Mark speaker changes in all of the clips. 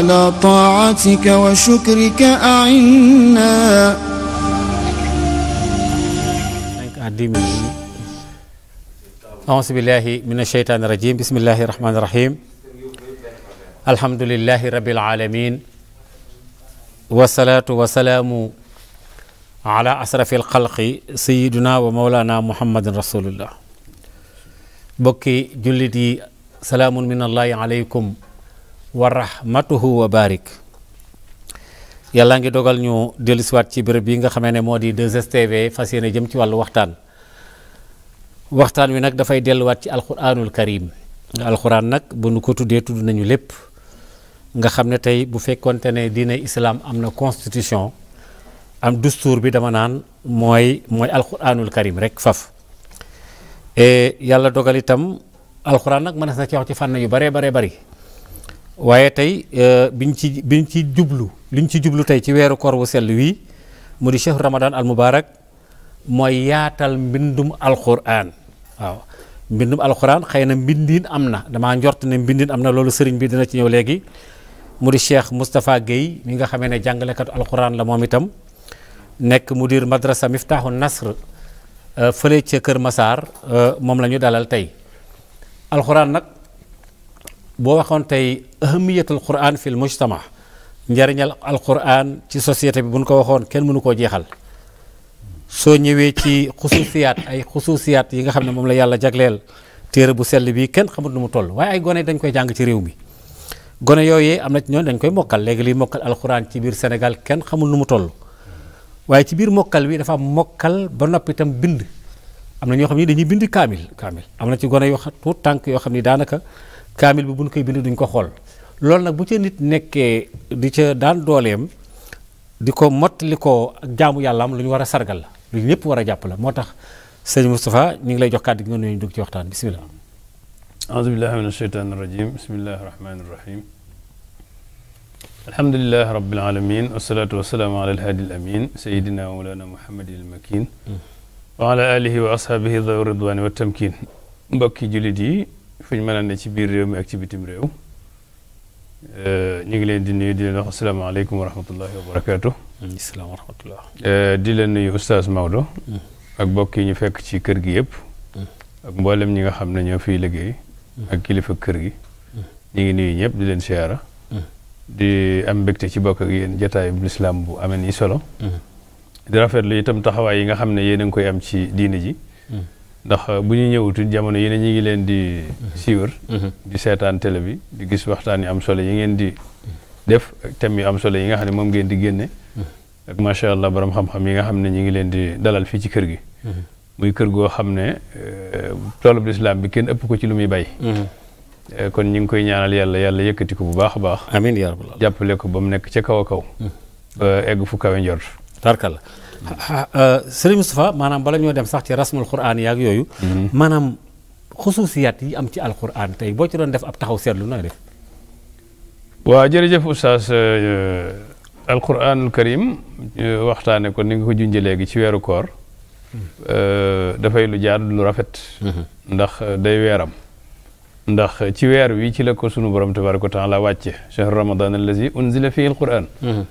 Speaker 1: على طاعتك وشكرك أعنا
Speaker 2: أعوذ بالله من الشيطان الرجيم بسم الله الرحمن الرحيم الحمد لله رب العالمين والصلاة والسلام على أشرف الخلق سيدنا ومولانا محمد رسول الله بكي جلدي سلام من الله عليكم wa rahmatuhu wa barik yàlla ngi dogal ñu dellusiwaat ci bërëb bi nga xamee ne moo di 2STV fas yéene jëm ci wàllu waxtaan waxtaan wi nag dafay delluwaat ci alquranul karim alquran nag bu ko tuddee tudd nañu lépp nga xam ne tey bu fekkonte ne diine islam am na constitution am dustuur bi dama naan mooy mooy alquranul karim rek faf e, yàlla dogal itam alquran nag mën a sa ci wax ci fànn yu baree baree bari waaye tey euh, biñ ci biñ ci jublu liñ ci jublu tey ci weeru koor wu sell wii mu di chehru ramadan al mubarak mooy yaatal mbindum alquran waaw mbindum alquran xëy na mbindin am na dama njort ne mbindin am na loolu sëriñ bi dina ci ñëw léegi mu di cheikh Moustapha Guèye mi nga xamee ne jàngalekatu alquran la moom itam nekk mudir madrasa Miftaahu Nasr euh, fële ca Kër Masaar euh, moom lañu dalal tey alquran nag. boo waxoon tey ahamiyatul quran fil mujtama njariñal alquran ci société bi buñ ko waxoon kenn mënu koo jeexal soo ñëwee ci xusuusiyaat ay xusuusiyaat yi nga xam ne moom la yàlla jagleel téere bu sell bii kenn xamut nu mu toll waaye ay gone dañ koy jàng ci réew mi gone yooyee am na ci dañ koy mokkal léegi liy mokkal alquran ci biir Sénégal kenn xamul nu mu toll waaye ci biir mokkal bi dafa mokkal ba noppi itam bind am na ñoo xam ne dañuy bind kaamil kaamil am na ci gone yoo xam tuut tànk yoo xam ni daanaka kaamil bi buñ koy bind duñ ko xool loolu nag bu ca nit nekkee di ca daan dooleem di ko mottali ko ak jaamu yàlla am lu ñu war a sargal la lu ñëpp war a jàpp la moo tax sëñ Moustapha ñu ngi lay jox kàddu gi nga nuyu dugg ci waxtaan bisimilah.
Speaker 3: auzu billahi min asheytaan irajim bismillahi rahmani irahim alhamdulilahi rabbil alamin wasalatu wasalaamu ala alhaadi alamin sayidina wa mawlana muhammadin almakin wa ala alihi wa ashaabihi dawi ridwani wa tamkin mbokki jullit fu ñu mën a ne ci biir réew mi ak ci bitim réew ñu ngi leen di nuyu di leen wax asalaamaaleykum wa rahmatullahi wa barakaatu. wa rahmatullah. Eh, di leen nuyu oustaz Maodo. Mm. ak mbokk yi ñu fekk ci kër gi yëpp. Mm. ak mboolem ñi nga xam ne ñoo fiy liggéey. Mm. ak kilifa kër gi. ñu ngi nuyu ñëpp di leen siyaara. di am mbégte ci bokk yéen jotaayu bu amee nii solo. di taxawaay yi nga xam ne yéen a ngi koy am ci diini ji. ndax bu ñu ñëwutuñ jamono yi ne ñu ngi leen di suivre mhm. di seetaan télé bi di gis waxtaan yi am solo yi ngeen di def thème yu am solo yi nga xam ne moom ngeen di génne mhm. ak macha allah borom xam-xam yi nga xam ne ñu ngi leen di dalal fii ci kër gi mhm. muy kër goo xam ne euh, toolub lislaam bi kenn ëpp ko ci lu muy bay euh, kon ñu ngi koy ñaanal yàlla yàlla yëkkati ko bu baax baax amiin yaa rabbal ko ba mu nekk ca kaw a kaw egg fu kawe njort
Speaker 2: Euh, Sëriñ Moustapha maanaam bala ñoo dem sax ci rasmul quraan yaak yooyu. Mhm. maanaam xusuusiyaat yi am ci alquran tey boo ci doon def ab taxaw seetlu nooy def.
Speaker 3: waaw jërëjëf oustaz euh, alquranul karim euh, waxtaane ko ni nga ko junjee léegi ci weeru koor. Hmm. dafay lu jaadu lu rafet. Hmm. ndax day weeram. ndax ci weer wi ci la ko sunu borom tabaraka wa taala wàcce. shahr ramadan allazi unzila fihi alquran. Hmm.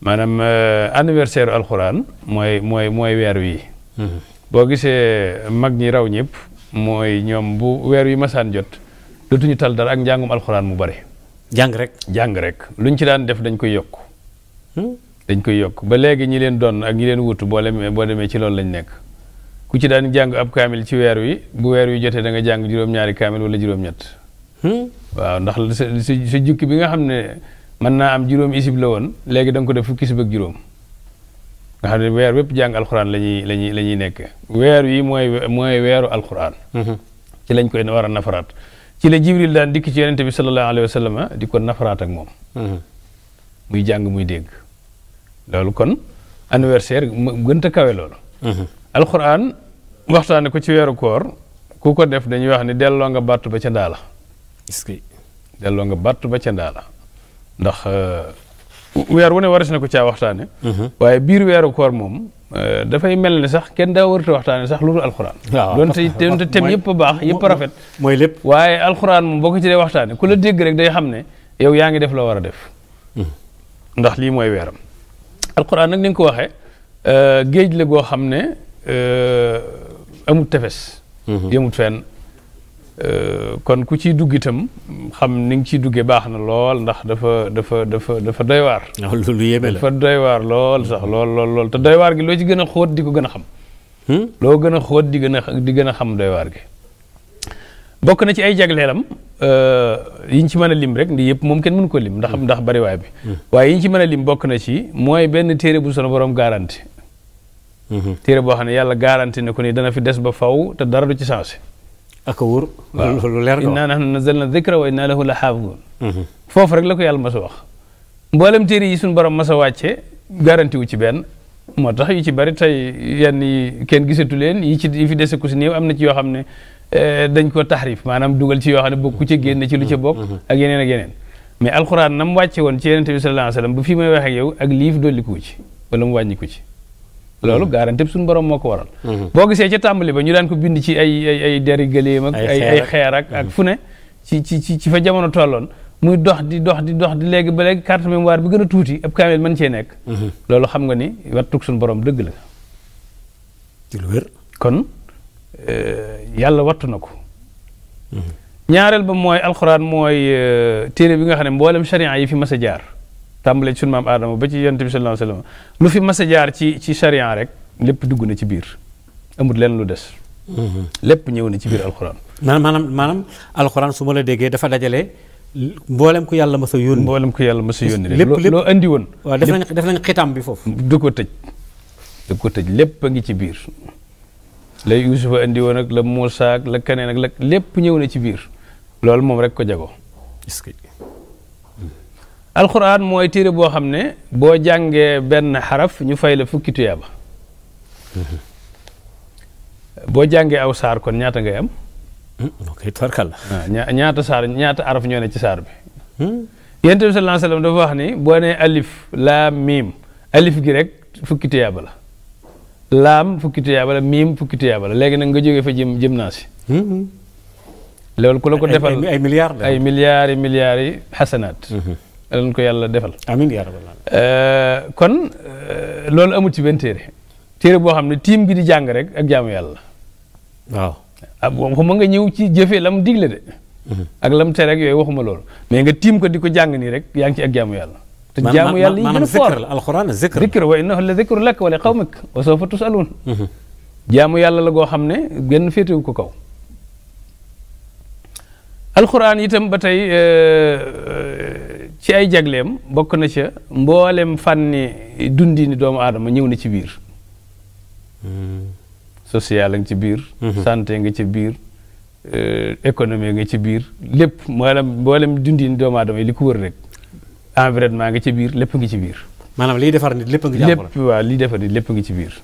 Speaker 3: maanaam euh, anniversaire alxuraan mooy mooy mooy weer wi. Mhm. boo gisee mag ñi raw ñëpp mooy ñoom bu weer wi masaan jot dootuñu tal dara ak njàngum alxuraan mu bari. jàng rek jàng rek luñ ci daan def dañ koy yokk. Hmm? dañ koy yokk ba léegi ñi leen doon ak ñi leen wutu boo demee boo demee ci loolu lañ nekk ku ci daan jàng ab kaamil ci weer wi bu weer wi jotee da nga jàng juróom-ñaari kaamil wala juróom-ñett. Hmm? waaw ndax sa jukki bi nga xam ne. mën naa am juróom isib la woon léegi da ko def fukki isib ak juróom nga xam ne weer wépp jàng alxuraan la ñuy la ñuy nekk weer yi mooy mooy weeru alxuraan mm-hmm. ci lañ koy war a nafaraat ci la jibril daan dikk ci yonente bi sallallahu alayhi wa sallam di ko nafaraat ak moom mm-hmm. muy jàng muy dégg loolu kon anniversaire gën a kawe loolu mm-hmm. alxuraan waxtaane ko ci weeru koor ku ko def dañuy wax ni delloo nga bàtt ba ca ndaa delloo nga bàtt ba ca ndaa ndax euh, weer wu ne waras na ko caa waxtaane mhm. waaye biir weeru koor moom euh, dafay mel ne sax kenn daa warta waxtaane sax loolu alxuraan donte donte tem yëpp baax yëpp rafet mooy lépp waaye alxuraan moom boo ko ci dee waxtaane ku la dégg rek day xam ne yow yaa ngi def la war a def mhm. ndax lii mooy weeram alxuraan nag ni ko waxe euh, géej la goo xam ne amut tefes mhm. yëmut fenn Euh, kon ku ciy dugg itam xam ni nga ciy duggee baax na lool ndax dafa dafa dafa dafa doy waar. Ah, loolu yéeme la dafa doy waar lool sax lool lool lool te doy waar gi loo ci gën a xóot di ko gën a xam. Hmm? loo gën a xóot di gën a di gën a xam doy waar gi. bokk na ci ay jagleelam euh, yi ñu ci mën a lim rek ndi yëpp moom kenn mënu ko lim ndax hmm. ndax bariwaay bi. Hmm. waaye yi ci mën a lim bokk na ci mooy benn téere bu sunu borom garanti. téere boo xam ne yàlla garanti na ko ni dana fi des ba faw te dara du ci changé. ak a wóor. waaw lu leer innaa nahnu nazzalna dhikra wa innaa lahu la xaafidun mhm. foofu rek la ko yàlla mas a wax. mboolem téere yi suñu borom mas a wàcce garanti wu ci benn moo tax yu ci bari tey yenn yi kenn gisatu leen yi ci yi fi dese ku am na ci yoo xam ne eh, dañ ko taxrif maanaam dugal ci yoo xam ne bokku ca génn ci lu ca bok mhm. a yeneen ak yeneen. mais alxuraan nam mu wàcce woon ci yonent bi sallallahu alayhi wa sallam ba fii may wax ak yow ak liif dolli ko ci mu wàññi ko ci. loolu garanti bi suñu borom moo ko waral. Mm-hmm. boo gisee ca tàmbali ba ñu daan ko bind ci ay ay der deri gëléem ak ay xeer ak ak mm-hmm. fu ne ci ci ci fa jamono tolloon muy dox di dox di dox di léegi ba léegi carte waar bu gën a tuuti ab kaamil mën cee nekk. Mm-hmm. loolu xam nga ni wattuk suñu borom dëgg la. kon euh, yàlla wattu na ko. ñaareel ba mooy alxuraan mooy euh, téere bi nga xam ne mboolem sharia yi fi mas a jaar. tàmbalee ci sunu maam aadama ba ci yonent bi sallallahu alayhi wasallam lu fi mas a jaar ci ci charia rek lépp dugg na ci biir amul leen lu des mm-hmm. lépp ñëw na ci biir alxuraan maanaam
Speaker 2: maanaam alxuraan su ma la déggee dafa dajale mboolem ku yàlla ma sa yónni mboolem ku yàlla ma sa yónni rek lépp loo woon waaw def nañ def nañ xitaam bi foofu
Speaker 3: du ko tëj du ko tëj lépp ngi ci biir la yuusufa woon ak la muusa ak la keneen ak la lépp ñëw na ci biir loolu moom rek ko jago alxuraan mooy téere boo xam ne boo jàngee benn xaraf ñu fay la fukki tuyaaba boo jàngee aw saar kon ñaata ngay am. Hmm, ok tarkal ah, ñaata saar ñaata araf ñoo ne ci saar bi. Hmm. yonent bi sallallahu alayhi dafa wax ni boo nee alif laam miim alif gi rek fukki tuyaaba la laam fukki tuyaaba la miim fukki tuyaaba la léegi nag nga jóge fa jim jëm naa si. ku la ko defal ay milliards ay milliards lañ yàlla defal. amiin yaa rabbal aalamiin. Euh, kon euh, loolu amul ci benn téere téere boo xam ne tiim gi di jàng rek ak jaamu yàlla. waaw ah waxuma nga ñëw ci jëfee lam digle de. Mhm. ak lam tere ak yooyu waxuma loolu. mais nga tiim ko di ko jàng nii rek yaa ngi ci ak jaamu yàlla. te jaamu yàlla yi gën a foor alxuraan zikr zikr wa innahu la zikru lak wa li qawmik wa sawfa mhm. jaamu yàlla la goo xam ne genn féetewu ko kaw. alxuraan itam ba tey. Euh, ci ay jagleem bokk na ca mboolem fànni dundini doomu aadama ñëw na ci biir hmm. social a hmm. nga ci biir sante nga ci biir économie nga ci biir lépp maanaam mboolem dundini doomu aadama yi li ko wër rek environnement nga ci biir lépp ngi ci biir maanaam liy defar lépp ngi ci liy defar nit lépp ngi ci biir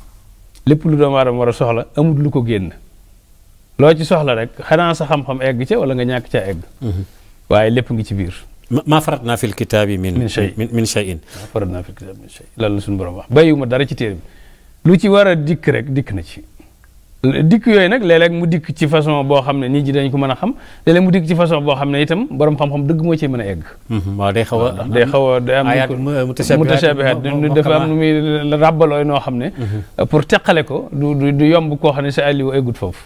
Speaker 3: lépp lu doomu aadama war a soxla amut lu ko génn loo ci soxla rek xanaa sa xam egg ca wala nga ñàkk ca egg hmm. waaye lépp ngi ci biir ma faratna fil kitaabi min min shay'in ma faratna fil kitaabi min shay'in loolu la suñu borom wax bàyyiwuma dara ci téere bi lu ci war a dikk rek dikk na ci dikk yooyu nag léeg mu dikk ci façon boo xam ne nii ñi dañ ko mën a xam léeg mu dikk ci façon boo xam ne itam borom xam-xam dëgg moo cee mën a egg. Mhm, waaw day xaw a day xaw a day am euh, mutashabihat dafa am nu muy ràbbalooy noo xam ne. Mhm. pour teqale ko du du yomb koo xam ne sa àlli wu eggut foofu.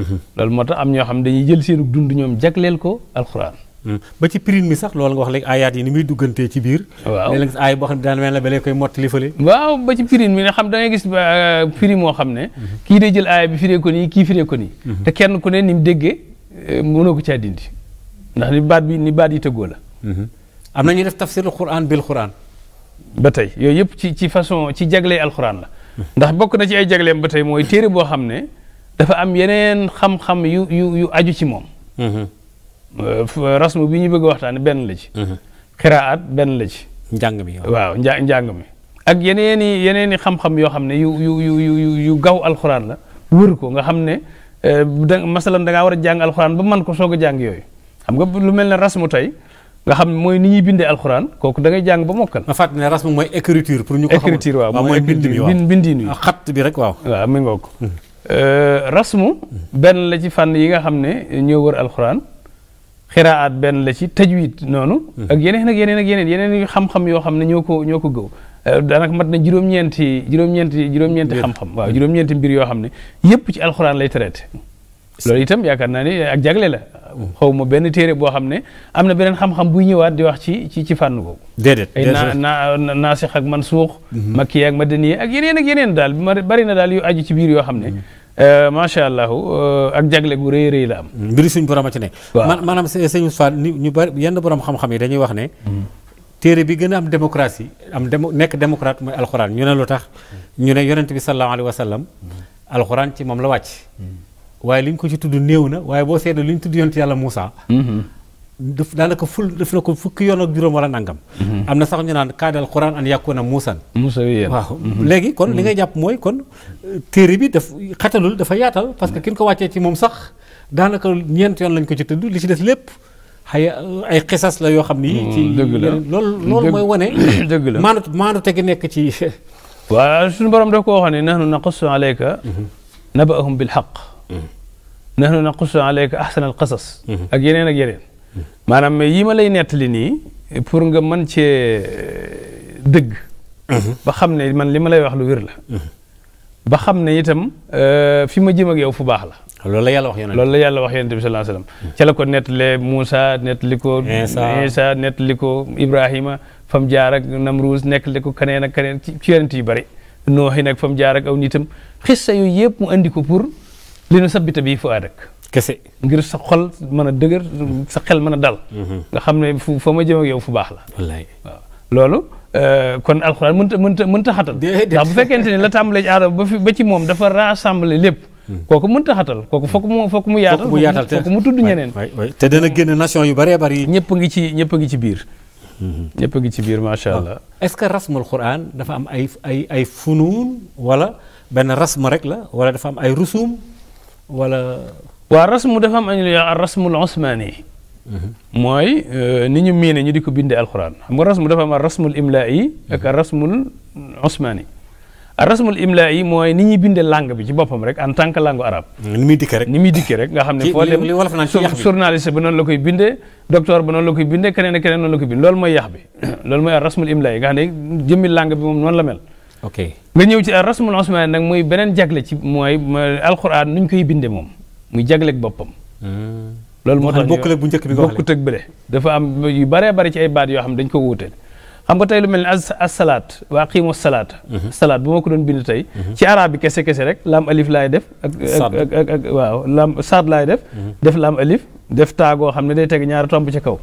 Speaker 3: Mhm. loolu moo tax am ñoo xam ne dañuy jël seenu dund ñoom jagleel ko alxuraan. Hmm. ba ci prime mi sax loolu nga wax léegi aayaat yi ni muy duggantee ci biir. waaw léeg-léeg gis aay boo xam ne daan mel ne waaw ba ci prime mi nga xam da ngay gis euh, moo xam ne. Mhm. kii day jël aaya bi firee nii kii firee ko nii. Mhm. te kenn ku ne ni mu déggee euh, mënoo ko caa dindi ndax ni baat bi ni baat yi tëggoo la. Mhm. am na ñu def tafsir alquran bil quran. ba tey yooyu yëpp ci ci façon ci jagleel alxuraan la. ndax bokk na ci ay jagleem ba tey mooy téere boo xam ne dafa am yeneen xam-xam yu yu yu aju ci moom. Euh, euh, rasmu bi ñuy bëgg waxtaan benn la ci xiraat mhm. benn la ci njàng mi waaw nja njàng mi ak yeneen i yeneen i xam-xam yoo xam ne yu yu yu yu gaw alxuraan la wër ko nga xam ne euh, da masalan da ngaa war a jàng alxuraan ba man ko soog a jàng yooyu xam nga lu mel ne rasmu tey nga xam mooy ni ñuy bindee alxuraan kooku da ngay jàng ba mokkal. ma fàttali ne rasmu mooy écriture pour ñu ko. écriture waaw mooy bind bi waaw bindin yi ah, xat bi rek waaw. waaw mi ngoog mhm. rasmu mhm. benn la ci fànn yi nga xam ne ñoo wër alxuraan. xiraat benn la ci tajwid noonu. Hmm. ak yeneen ak yeneen ak yeneen yeneen yu xam-xam yoo xam ne ñoo ko ñoo ko gëw. Euh, daanaka mat na juróom-ñeenti juróom-ñeenti juróom-ñeenti xam-xam waaw juróom mbir yoo xam ne yëpp ci alxuraan lay traité. loolu itam yaakaar naa ne ak jagle la. Hmm. xaw ma benn téere boo xam ne am na beneen xam-xam buy ñëwaat di wax ci ci ci fànn boobu. déedéet ay naa naa naasix ak mansuux. Hmm. makki ak madani ak yeneen ak yeneen daal bari na daal yu aju ci biir yoo xam ne. Euh, macha allah euh, ak jagle gu rëy rëy la am. mbiri suñ borom ci ne. waaw maanaam sëñ Moussa ñu bari yenn borom xam-xam yi dañuy wax ne. Hmm. téere bi
Speaker 2: gën a am démocratie am demo nekk démocrate mooy alxuraan ñu ne lu tax. Hmm. ñu ne yonent bi sallallahu alayhi wa sallam. Hmm. alxuraan ci moom la wàcc. waaye liñ ko ci tudd néew na waaye boo seetlu liñ tudd yonent yàlla Moussa. daf daanaka ful def na ko fukki yoon ak juróom wala nangam. Mhm. am na sax ñu naan kaadal quran an yàkkoon a muusan.
Speaker 3: muusa yéen waaw mhm. léegi kon li mhm. ngay
Speaker 2: jàpp mooy kon euh, téere bi daf xatalul dafa yaatal parce que kin ko wàccee ci moom sax daanaka ñeent yoon lañ ko ci tëdd li ci des lépp.
Speaker 3: xay ay xisas la yoo xam ni. dëgg la ci loolu loolu mooy wane. dëgg la maanut maanute gi nekk ci. waaw suñu borom daf koo wax ne nahnu naqussu alayka. nabaahum bil xaq. nahnu naqussu alayka ahsana al yeneen ak yeneen. maanaam yi ma lay nettali nii pour nga mën cee euh, dëgg. Mhm. ba xam ne man li ma lay wax lu wér la. Mhm. ba xam ne itam euh, fi ma jëm ak yow fu baax la. loolu la yàlla wax yonent loolu la yàlla wax yonent bi sallallahu alayhi wasallam ca la ko nettalee Moussa nettali ko. Isa nettali ko Ibrahima fam jaar ak Namruus nettali ko keneen ak keneen ci yonent yu bari. nooxi nag fam jaar ak aw nitam xissa yooyu yëpp mu andi ko pour li nu sabbita bi fu àdd ak kese ngir sa xol mën a dëgër sa xel mën a dal. Mhm. nga xam ne fu fa ma jëm yow fu baax la. wallaay loolu. Euh, kon alxuraan mënta mënta mënta xatal. ndax bu fekkente ne la tàmbalee ci aadama ba ba ci moom dafa rassembler lépp. Hmm. kooku ta xatal kooku fokk mu fokk mu yaatal. fokk mu yaatal te fokk mu tudd ñeneen. te dana génn nation yu bëree bëri. ñëpp ngi ci ñëpp ngi ci biir. Hmm. ñëpp ngi ci biir macha ah. allah.
Speaker 2: est-ce que rasmul xuraan dafa am ay ay ay funuun wala benn
Speaker 3: rasm rek la wala dafa am ay rusum wala. waa rasmu dafa am añu rasmul osmaani mhm. mooy euh, ni ñu miine ñu di ko bindee alquran xam nga rasmu dafa am rasmul imlaa'i ak rasmul osmaani rasmul imlaa'i mooy ni ñuy bindee langue bi ci boppam rek en tant que langue arabe. Mm, ni muy dikkee rek nga xam ne. foo dem journaliste ba noonu la koy bindee. docteur ba noonu la koy bindee keneen ak keneen noonu la koy bindee loolu mooy yax bi loolu mooy rasmul imlaa'i nga xam ne jëmmi langue bi moom noonu la mel. ok nga ñëw ci rasmul osmaani nag muy beneen jagle ci mooy alquran nu ñu koy bindee moom muy jagleek boppam. Hmm. loolu moo tax bu njëkk bi bokkut ak bële dafa am yu baree bari ci ay baat yoo xam dañ ko wuuteel xam tey lu mel ne as salaat waa qiimu salaat hmm. salaat bu ko doon bind tey hmm. ci arab bi kese kese rek laam alif laay def ak ak waaw laam saad laay def def laam alif def taagoo xam ne day teg ñaar ñaari tomb ci kaw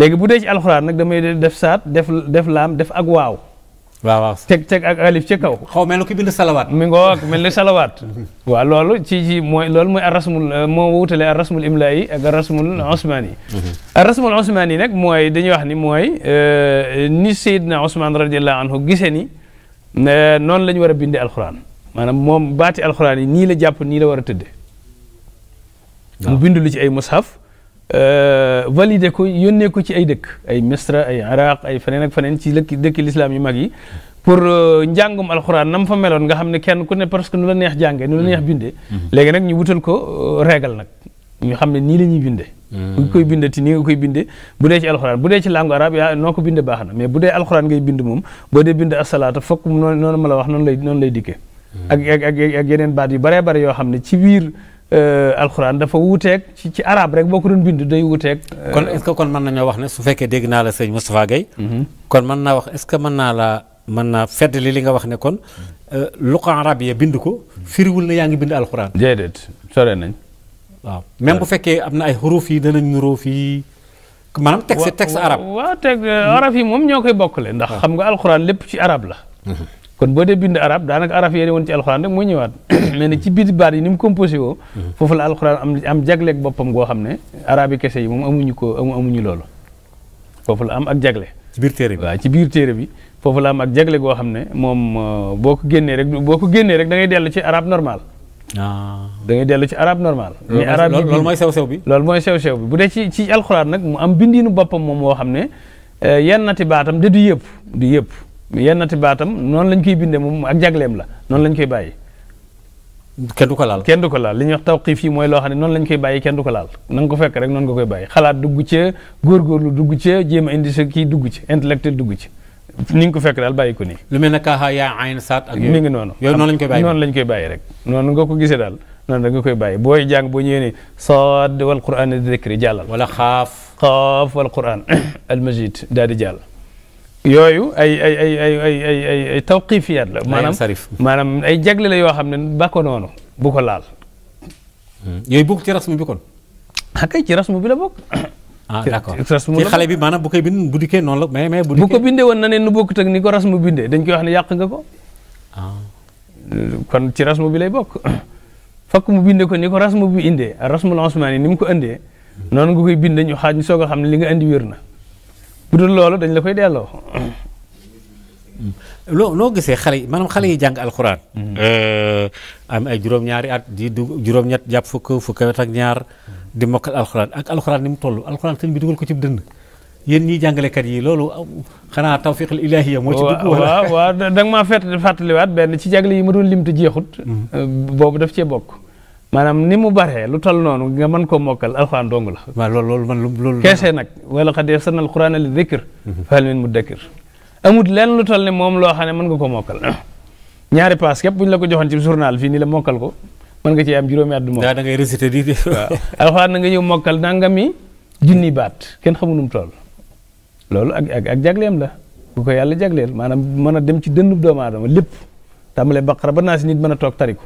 Speaker 3: léegi bu dee ci alxuraan nag damay def saat def def laam def ak waaw waaw waaw teg teg ak alif ci kaw. xaw mel ni ku bind salawaat. mi ngoog mel ni salawaat. waaw loolu ci ci mooy loolu mooy arrasmul euh, moo wutale arrasmul imlaayi ak arrasmul osmaani. Mhm. arrasmul osmaani nag mooy dañuy wax ni mooy euh, ni Seydina Osmaan radiyallahu anhu gisee ni noonu la war a bindee alxuraan maanaam moom baati alxuraan yi nii la jàpp nii la war a tëddee. mu bind lu ci ay mushaf Euh, validé ko yónnee ko ci ay dëkk ay misra ay iraq ay feneen ak feneen ci lëkk dëkki lislaam yu mag yi pour euh, njàngum alxuraan na mu fa meloon nga xam ne kenn ku ne parce que nu la neex jàngee nu la neex mm-hmm. bindee mm-hmm. léegi nag ñu wutal ko euh, régal nag ñu xam ne nii la ñuy bindee bu mm-hmm. koy binde ti nii nga koy binde bu dee ci alxuraan bu dee ci langue arabe yaa noo ko binde baax na mais bu dee alxuraan ngay bind moom boo dee bind asalaata fokk noonu ma la wax noonu lay noonu lay dikkee ak ak baat yu baree bare yoo xam ne ci biir Euh, alxuraan dafa wuuteeg ci ci arab rek boo ko doon bind day wuuteeg. Euh, kon est-ce
Speaker 2: que kon mën nañoo wax ne su fekkee dégg naa la sëñ Moustapha Guèye. Mhm. kon mën naa wax est-ce que mën naa la mën naa feddali li nga wax ne kon euh, lu ko arab bind ko firiwul na yaa ngi bind alxuraan. déedéet sore nañ. waaw même bu fekkee am na ay xuruuf yi danañ nuroo fii. maanaam texte texte
Speaker 3: teg arab yi moom ñoo koy bokkale. ndax ah. xam nga alxuraan lépp ci arab la. Mhm. kon boo dee bind arab daanaka arab yéene woon ci alxuraan rek mooy ñëwaat mais ne ci biir baat yi ni mu composé woo mm-hmm. alxuraan am am boppam goo xam ne arab yi kese yi moom amuñu ko amuñu loolu foofu la am ak jagle ci biir bi waaw ci biir téere bi foofu la am ak jagle goo xam ne moom euh, boo ko génnee rek boo ko génnee rek da ngay dellu ci arab normal ah. da ngay dellu ci arab normal mais arab yi loolu mooy sew-sew bi loolu mooy sew bu de ci ci alxuraan nag mu am bindinu boppam moom woo xam ne euh, yennati baatam de du yëpp yennati baatam noonu lañ koy bindee moom ak jagleem la noonu lañ koy bàyyi. kenn du ko laal kenn du ko laal li ñuy wax tawqiif yi mooy loo xam ne noonu lañ koy bàyyi kenn du ko laal na nga ko fekk rek noonu nga koy bàyyi xalaat dugg ci góorgóorlu dugg ci jéem a indi sa kii dugg ci intellectuel dugg ci ni nga ko fekk daal bàyyi ko lu mel ne Kaaxa yaa ayn saat ak yooyu mi ngi noonu yooyu noonu lañ koy bàyyi noonu lañ rek noonu nga ko gisee daal noonu da nga koy bàyyi booy jàng boo ñëwee ne saad wal quran di dikri jàllal. wala xaaf xaaf wal quran al majid daal di jàll yooyu ay ay ay ay ay ay ay ay tawqifiyaat la maanaam maanaam ay jagle la yoo xam ne ba ko noonu bu laal hmm. yooyu bokk ci rasmu bi kon akay ah, ci rasmu bi la bokk ah d'accord ci xale bi maanaam bu koy bind bu dikkee noonu la mais mais bu ko bindee woon na ne nu bokkut ak ni ko rasmu bindee dañ ko wax ne yàq nga ko ah. kon ci rasmu bi lay bokk fakk mu bindee ko ni ko rasmu bi indee rasmul osmaani ni mu ko indee noonu nga koy bind ñu xaaj ñu soog a xam ne li nga indi wér na bu du loolu dañ la koy delloo. Hmm. loo loo gisee xale yi maanaam xale yi jàng alxuraan.
Speaker 1: Hmm. Eh,
Speaker 2: am ay juróom-ñaari at di dugg juróom-ñett jàpp fukk fukk ak ñaar di mokkal alxuraan ak alxuraan ni mu toll alxuraan sëñ bi dugal ko ci dënd. yéen ñii jàngalekat yi loolu xanaa
Speaker 3: tawfiqul ilaahiya moo ci dugg wala waaw waaw da nga maa fàttaliwaat benn ci jagle yi ma doon lim te jeexut. Hmm. boobu def cee bokk. maanaam ni mu baree lu tal noonu nga mën koo mokkal alxuraan dong la. waaw loolu loolu man loolu. keese nag wala xad yassarnal qur'aana li dhikr fahal min mudakkir amut lenn lu tal ne moom loo xam ne mën nga ko mokkal ñaari paas képp bu ñu la ko joxoon ci journal fii nii la mokkal ko mën nga ci am juróomi at du mokkal. da ngay réciter di di nga ñëw mokkal nangami junni baat kenn xamu nu mu toll loolu ak ak jagleem la bu ko yàlla jagleel maanaam mën a dem ci dënnu doomu aadama lépp tàmbalee baqara ba naa si nit mën a toog tariku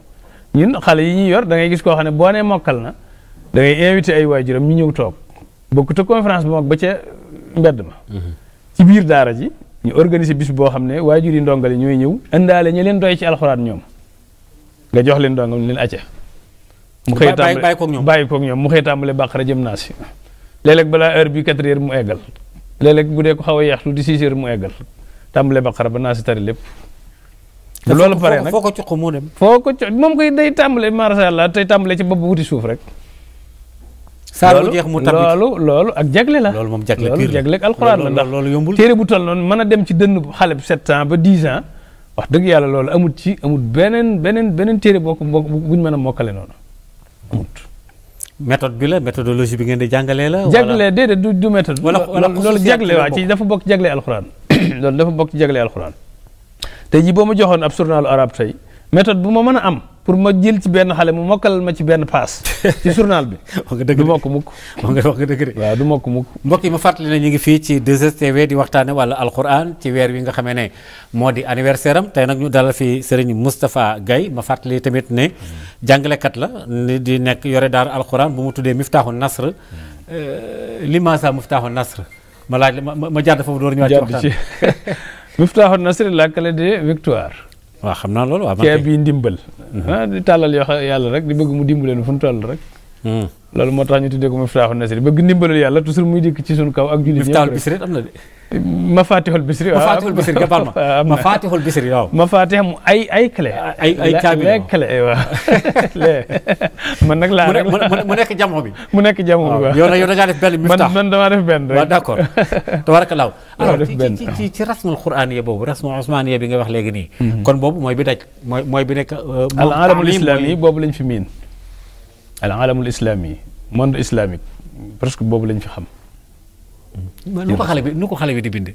Speaker 3: ñun xale yi ñuy yor da ngay gis koo xam ne boo nee mokkal na dangay ngay invité ay waajuram ñu ñëw toog bokkut ak conférence bu mag ba ca mbedd ma. Mhm. ci biir daara ji ñu organiser bis boo xam ne waajur yi ndongali ñooy ñëw indaale ñi leen doy ci alxuraan ñoom nga jox leen ndongal leen acca.
Speaker 1: mu xëy tàmbale bàyyi
Speaker 3: koog bàyyi koog ñoom mu xëy tàmbale bàqara jëm naa si léeg-léeg balaa heure bi quatre heures mu eggal léeg-léeg bu dee ko xaw a yéex tuuti six heures mu eggal tàmbale bàqara ba naa si tari lépp bu loolu paree nag foo ko cuq moo dem. foo ko moom koy day tàmbale macha allah tey tàmbale ci bopp wuti suuf rek. saa mu tabbi loolu loolu ak jagle la. loolu moom jagle pire la loolu jagle alxuraan la ndax loolu yombul. téere bu toll noonu mën a ci dënn xale bu ba 10 ans dëgg yàlla loolu amut ci amut beneen beneen beneen téere boo ko buñ mën a mokkale noonu amut.
Speaker 2: bi la méthodologie bi ngeen
Speaker 3: di jàngalee la. jagle déedéet du du méthode. wala loolu jagle waa ci dafa bokk jagle alxuraan loolu dafa bokk ci jagle alxuraan. tey jii boo ma joxoon ab journalu arabe tey méthode bu ma mën a am pour ma jël ci benn xale mu mokkal ma ci benn paas ci journal bi. wax nga dëgg du mokk mukk. wax nga dëgg de waaw du mokk mukk.
Speaker 2: mbokk yi ma fàttali ne ñu ngi fii ci 2STV di waxtaane wàllu alquran ci weer wi nga xamee ne moo di anniversaire am tey nag ñu dalal fii Serigne Moustapha Gaye ma fàttali tamit ne jàngalekat la di nekk yore daara alxuraan bu mu tuddee Miftaaxu Nasr hmm. euh, Limasa Miftaaxu Nasr ma laaj ma ma jàdd foofu door ñëwaat ci
Speaker 3: Miftaaxul Nasri làkkale de victoire. waaw xam naa loolu waaw man kay ceeb yi ndimbal. Mhm. Ah, di tàllal yoo xam yàlla rek di bëgg mu dimbaleen fu mu toll rek. loolu moo tax ñu tuddee ko miftaaxul nasri bëgg ndimbalul yàlla toujours muy dikk ci suñu kaw ak jullit miftaaxul bisri am na de mafaatixul bisri waaw mafaatixul bisri nga baal ma mafaatixul bisri waaw mafaatix mu ay ay clé ah, ay ay caabi la clé waaw man nag laa mu nekk jamono bi mu nekk jamono bi yow nag yow da ngaa def benn miftaax man damaa def benn rek waaw d'accord tabaarakallaahu alors ah, ci ci ci
Speaker 2: rasmul quraaniya boobu rasmul usmaaniya bi nga wax léegi nii mhm. kon boobu mooy bi daj mooy mooy bi nekk euh, al alamul islaami
Speaker 3: boobu lañ fi miin al alamul islami monde islamique presque boobu lañ fi xam. nu ko xale bi nu ko xale bi di binde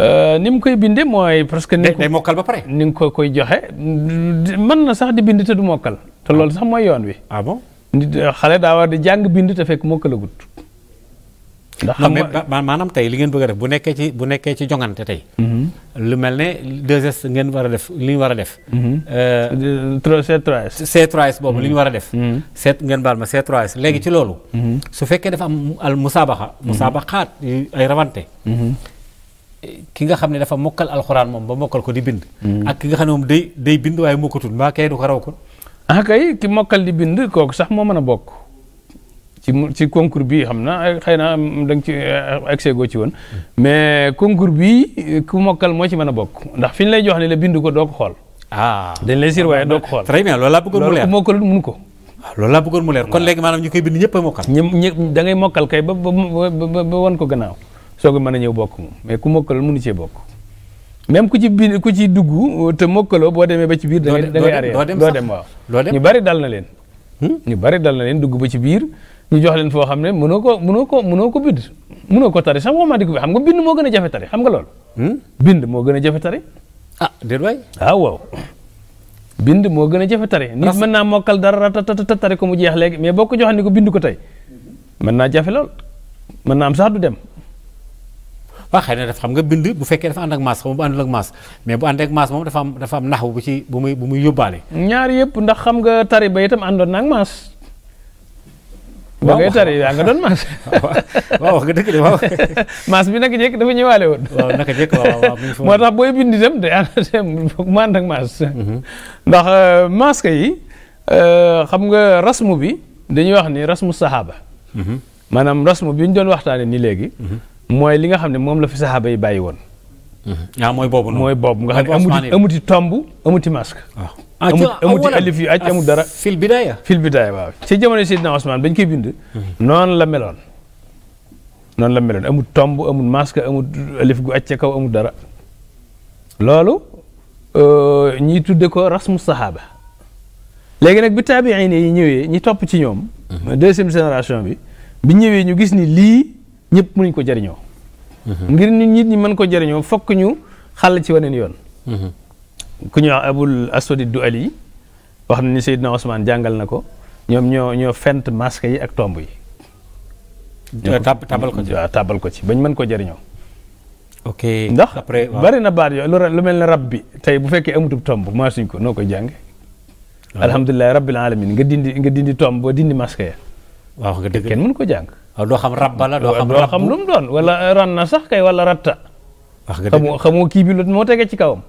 Speaker 3: euh, ni mu koy binde mooy presque. ni day mokkal ba pare. ni nga ko koy joxe mën na sax di bind te du mokkal. te loolu ah. sax mooy yoon wi. ah bon nit xale daa war di jàng bind te fekk mokkalagut. ndax xam nga maanaam tey li ngeen bëgg a def bu nekkee ci bu
Speaker 2: nekkee ci jongante tey. Mm-hmm. lu mel ne 2S ngeen war a def li ñu war a def. C3S. Mm-hmm. Euh, c boobu li ñu mm-hmm. war a def. seet ngeen baal ma c 3 léegi ci loolu. su fekkee dafa am al musaabaxa. musaabaxaat ay rawante. ki nga xam ne dafa mokkal alxuraan moom ba mokkal ko di bind. ak ki nga xam ne moom day day bind waaye mokkatul
Speaker 3: mbaa kay du ko raw ko. ah kay ki mokkal di bind kooku sax moo mën a bokk. ci ci concours bi xam na xëy na mm, da nga ci eh, accès ci woon mais concours bi ku mokkal moo ci mën a bokk ndax fi ñu lay jox ne la bindu ko doo ko xool ah dañ lay surveiller doo ko xool très bien loolu laa bëggoon mu ku mokkalut mun ko lool ah, loolu laa bëggoon mu leer kon léegi maanaam ñu koy bind ñëpp a mokkal ñëpp da ngay mokkal kay ba ba wan ko gannaaw soog a mën a ñëw bokk moom mais ku mokkalul mënu cee bokk même ku ci bind ku ci dugg te mokkaloo boo demee ba ci biir da ngay da ngay arrêté doo dem waaw ñu bari dal na leen hmm? ñu bari dal na leen dugg ba ci biir ñu jox leen foo xam ne mënoo ko mënoo ko mënoo ko bind mënoo ko tari sax waxuma di ko bi xam nga bind moo gën a jafe tari xam nga loolu hmm? bind moo gën a jafe tari ah déet waay ah waaw bind moo gën a jafe tari nit mën naa mokkal dara ta tari ko mu jeex léegi mais boo ko joxee ko bind ko tey mën naa jafe lool mën naa am sax du dem waaw xëy na xam
Speaker 2: nga bind bu fekkee dafa ànd ak maas xam bu àndul ak maas mais bu ànd ak maas moom dafa am dafa am nax bu ci bu muy bu muy
Speaker 3: yóbbaale ñaar yëpp ndax xam nga tari ba itam àndoon na ak waaw ngay tari yaa nga doon maas. waaw bi naka jekk dafa ñëwaale woon.
Speaker 1: waaw naka jekk moo
Speaker 3: tax booy bind itam day ànd foog mu ànd ak maas. ndax masque yi xam nga rasmu bi dañuy wax ni rasmu saxaaba. maanaam rasmu bi ñu doon waxtaanee nii léegi. mooy li nga xam ne moom la fi saxaaba yi bàyyi woon. ah mooy boobu noonu mooy boobu nga xam ne amuti amuti tomb amuti masque. Ah. Ah, amut ah, alif yu aj ah, amut dara fil bidaaya fil bidaaya waaw ci jamono Seydina Ousmane bañ koy bind hmm. noonu la meloon noonu la meloon amut tomb amut masque amut alif gu aj ca kaw amut dara loolu euh, ñi tudde ko rasmu sahaaba léegi nag bi taabiin yi ñëwee ñi topp ci ñoom hmm. deuxième génération bi bi ñëwee ñu gis ni lii ñëpp muñ ko jëriñoo hmm. ngir nit ñi mën ko jariñoo fokk ñu xàll ci waneen yoon ku ñuy wax abul aswadi du ali wax na ni Seydina Ousmane jàngal na ko ñoom ñoo fent masque yi ak tomb yi. tabal ko ci waaw ko ci bañ mën ko jëriñoo. ok ndax bari na baat yooyu lu mel ni rab bi tey bu fekkee amutub tomb maasuñ ko noo koy jànge alhamdulilah rabbil alamin nga dindi nga dindi tomb ba dindi masque ya. waaw nga dëgg kenn mën ko jàng. waaw doo xam rab la doo xam doo doon wala ran na sax kay wala ratta. wax nga dëgg kii bi lu moo tegee ci kawam.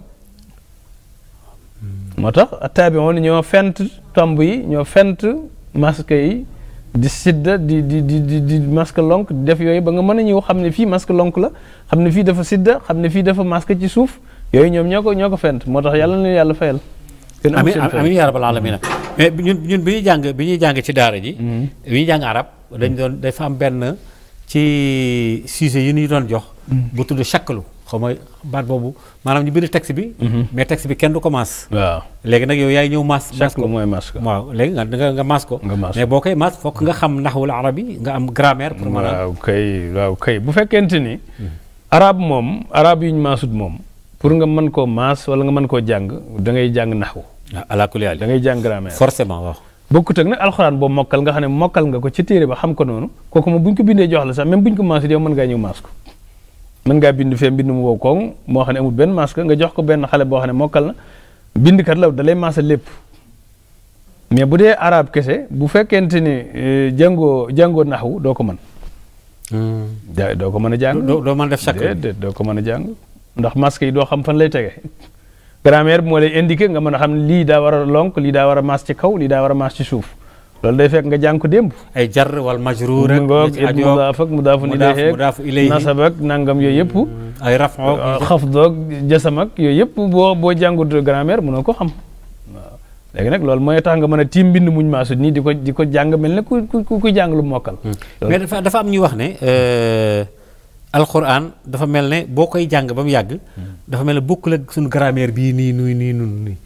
Speaker 3: moo tax taabiwoon ñoo fent tomb yi ñoo fent masque yi di sidda di di di di di masque lonk di def yooyu ba nga mën a ñëw xam ne fii masque lonk la xam ne fii dafa sidda xam ne fii dafa masque ci suuf yooyu ñoom ñoo ko ñoo ko fent moo tax yàlla na yàlla fayal. kenn amin amin yaa rabbal aalamiina mais ñun ñun bi jàng bi ñuy jàng ci daara ji. Mm-hmm. bi ñuy jàng arab
Speaker 2: dañ doon dafa am benn ci sujet yi ñuy doon jox. Mm-hmm. bu tudd shaklu. xaw ma baat boobu maanaam ñu bind texte bi. Mhm. mais texte bi kenn du ko maas. waaw léegi nag yow yaay ñëw maas. ko mooy maas ko waaw boo koy maas fokk nga xam naxwul arab
Speaker 3: yi nga am grammaire. a waaw kay bu fekkente ni. Mhm. arab moom arab yu ñu maasut moom. pour nga mën koo maas wala nga mën koo jàng da ngay jàng naxwu. Ah, ala kulli da ngay jàng alxuraan boo mokkal nga xam ne mokkal nga ko ci téere ba xam ko noonu kooku moom bu ñu ko bindee jox la sax même bu ñu maasut yow mën ngaa ñëw maas ko mën ngaa bind fee mbind mu wow koŋ moo xam ne amul benn masque nga jox ko benn xale boo xam ne mokkal na bindkat la da lay maasa lépp mais bu dee arab kese bu fekkente ni eh, jàngoo jàngoo naxwu doo ko mën. Hmm. doo ko mën a jàng. doo mën def chaque doo ko mën a jàng ndax masque yi doo xam fan lay tege. grammaire bi moo lay indiqué nga mën a xam ne lii daa war a lonk lii daa war a maas ci kaw lii daa war a maas ci suuf. loolu day fekk nga jàng ko démb. ay jar wal majruur rek. mudaaf ak mudaafu ilayhi mudaafu ilayhi nasab ak nangam yooyu yëpp. Mm, ay rafoog euh, xafdoog jasam ak yooyu yëpp boo boo jàngut grammaire mënoo ko xam. waaw léegi loolu mooy tax nga mën a tiim mbind muñ maasut nii di ko jàng mel ne ku ku ku jàng lu mokkal. Mm. mais dafa am ñuy wax ne. Euh, alquran dafa mel ne boo koy
Speaker 2: jàng ba mu yàgg. Mm. dafa mel ne bokkul ak sunu grammaire bii nii nii nii nii.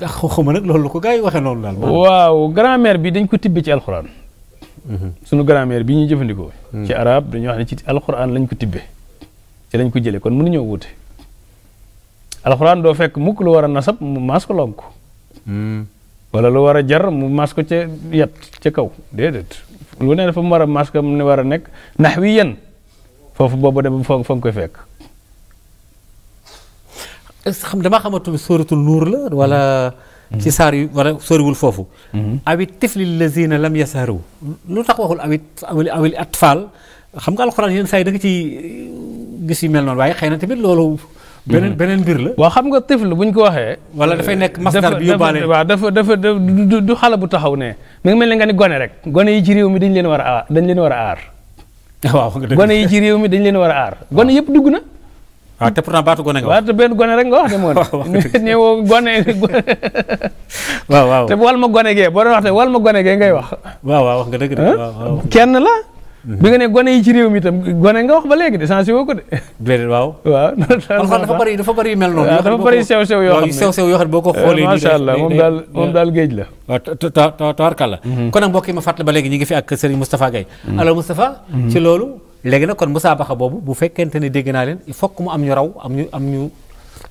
Speaker 2: Ah, xaw ma nag loolu la ko gars yi waxee noonu daal.
Speaker 3: waaw grammaire bi dañ ko tibbee ci alxuraan. Mhm. sunu grammaire bi ñuy jëfandikoo. Mhm. ci arab dañu wax ne ci alxuraan lañ ko tibbee. ci lañ ko jëlee kon mënuñoo wuute. alxuraan doo fekk mukk lu war a nasab mu maas ko lonk. Mhm. wala lu war a jar mu maas ko ca yat ca kaw déedéet. lu ne fa mu war a maas ko mu war a nekk nax naxwiyan foofu boobu dem fa nga koy fekk. xam damaa xamatul sóoratul nuur la wala.
Speaker 2: Mm-hmm. ci saar yu wala sóoriwul foofu. Mm-hmm. awit tifli lazina lam yasaru lu tax waxul awit at atfaal xam nga alxuraan yenn saa yi da nga ciy uh, gis yu mel noonu waaye xëy
Speaker 3: na tamit loolu. Mm-hmm. beneen beneen mbir la. waa xam nga tifl ñu ko waxee. wala dafay nekk masdar bi yóbbaale. waaw dafa dafa du xale bu taxaw ne. mi ngi mel ni nga ni gone rek gone yi ci réew mi dañ leen war a aar dañ leen war a aar. waaw gone yi ci réew mi dañ leen war aar gone yëpp dugg na. waaw ah, te pourtant baatu gone nga wax. benn gone rek nga wax de moom. waaw gone
Speaker 2: waaw te
Speaker 3: wal ma gone gee boo doon wal ma gone gee ngay wax.
Speaker 2: waaw wax nga dëgg de
Speaker 3: kenn la. Mhm. bi nga ne gone yi ci réew mi itam gone nga wax ba léegi de sensé woo ko de. déedéet waaw. waaw alxam dafa dafa bëri yu mel noonu. Ah, dafa bëri sew sew yoo xam ne sew sew yoo xam ne boo ko xoolee. Eh, macha allah
Speaker 2: moom daal moom géej la. waaw ta ta tawarkal la. Mhm. kon nag mbokk yi ma fàttali ba léegi ñu ngi fi ak ser Moustapha Gaye. Mhm. alors Moustapha ci loolu léegi nag kon musaabaxa boobu bu fekkente ne dégg naa leen il faut mu am ñu raw am ñu am ñu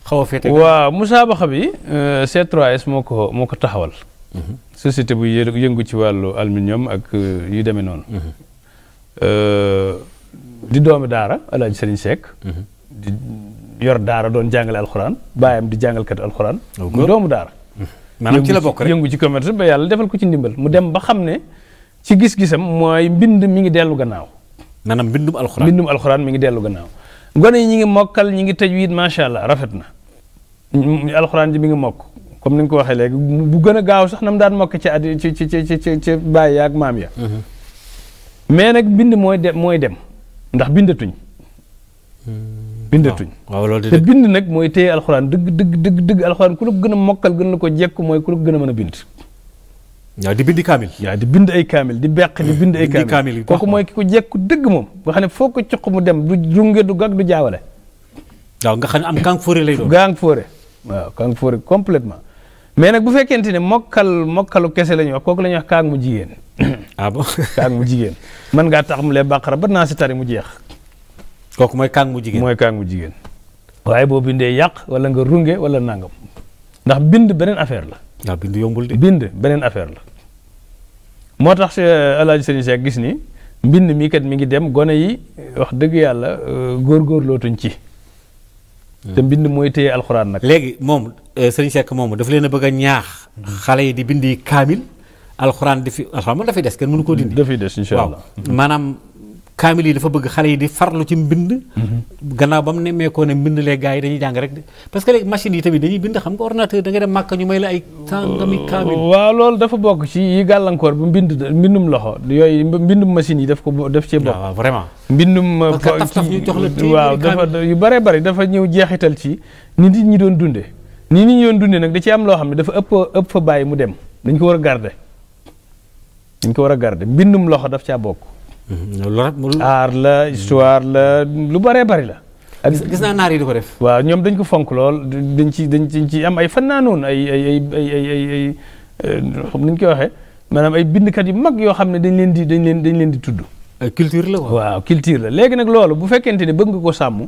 Speaker 2: xaw a féete. waaw
Speaker 3: musaabaxa bi euh, c s moo ko moo ko taxawal. Mhm. société bu yëngu ci wàllu aluminium ak euh, yu demee noonu. Mhm. Euh, di doomi daara El Hadj Serigne Seck. Mhm. di yor daara doon jàngale alxuraan baayam di jàngalkat alxuraan. Oh, mu doomu daara.
Speaker 1: maanaam ci la bokk yëngu
Speaker 3: ci commerce ba yàlla defal ko ci ndimbal mu dem ba xam ne ci gis-gisam mooy mbind mi ngi dellu gannaaw. maanaam mbindum alxuraan mbindum alxuraan mi ngi dellu gannaaw gone yi ñi ngi mokkal ñi ngi tajwiid macha allah rafet na alxuraan ji mi ngi mokk comme ni nga ko waxee léegi bu gën a gaaw sax na mu daan mokk ci at ci ci ci ci ci bàyyi ak maam ya mhm. mais nag bind mooy dem mooy dem ndax bindatuñ hmm. bindatuñ te bind nag mooy téye alxuraan dëgg dëgg dëgg dëgg alxuraan ku la gën a mokkal gën la ko jekk mooy ku la gën a mën a bind yaa di bind di bind ay kaamil di beq di bind ay kaamil kooku mooy ki ko jekku dëgg moom nga xam ne foo ko cuq mu dem du junge du gag du jaawale. waaw nga xam ne am gang foore lay doon. gang foore waaw foore complètement mais nag bu fekkente ne mokkal mokkalu kese la ñuy wax kooku la ñuy wax mu jigéen. ah bon kaag mu jigéen. mën ngaa mu lay bàqara ba naa si tari mu jeex. kooku mooy kaag mu jigéen jigéen. waaye boo bindee yàq wala nga runge wala nangam ndax bind beneen affaire la. waaw bind yombul de. bind beneen affaire la. moo tax El Hadj Serigne Seck gis ni mbind mi kat mi ngi dem gone yi euh, wax dëgg yàlla góor euh, góor lootuñ ci. Hmm. te mbind mooy téye alxuraan nag. léegi moom euh, Serigne Seck moomu dafa leen a bëgg ñaax.
Speaker 2: Hmm. xale yi di bind yi kaamil. alxuraan di fi alxuraan man dafay des kenn mënu koo dindi. dafay des incha allah waaw hmm. kaamil yi dafa bëgg xale yi di farlu ci mbind mhm. gannaaw ba mu nemmeekoo ne mbind lee gars yi dañuy jàng rek parce que léegi yi tamit dañuy bind xam nga ordinateur da ngay ñu may la ay
Speaker 3: waaw loolu dafa bokk ci yi gàllankoor bu mbind mbindum loxo yooyu mbindum machines yi daf ko daf cee bokk waaw ah, vraiment mbindum euh, waaw dafa yu bare bare dafa ñëw jeexital ci ni nit ñi doon dunde ni nit ñi doon dunde nag da ci am loo xam ne dafa ëpp ëpp fa bàyyi mu dem dañ ko war a garder dañ ko war a garde mbindum loxo daf caa bokk Mhm. aar la histoire la lu bëree bari la. ak gis naa naar yi di ko def. waaw ñoom dañ ko fonk lool dañ ci dañ ci ci am ay fannaanoon ay ay ay ay ay ay eh, xam ni koy waxee maanaam ay bindkat yu mag yoo xam ne dañ leen di dañ leen dañ leen di tudd. culture la waaw culture la léegi nag loolu bu fekkente ne bëgg nga ko sàmm.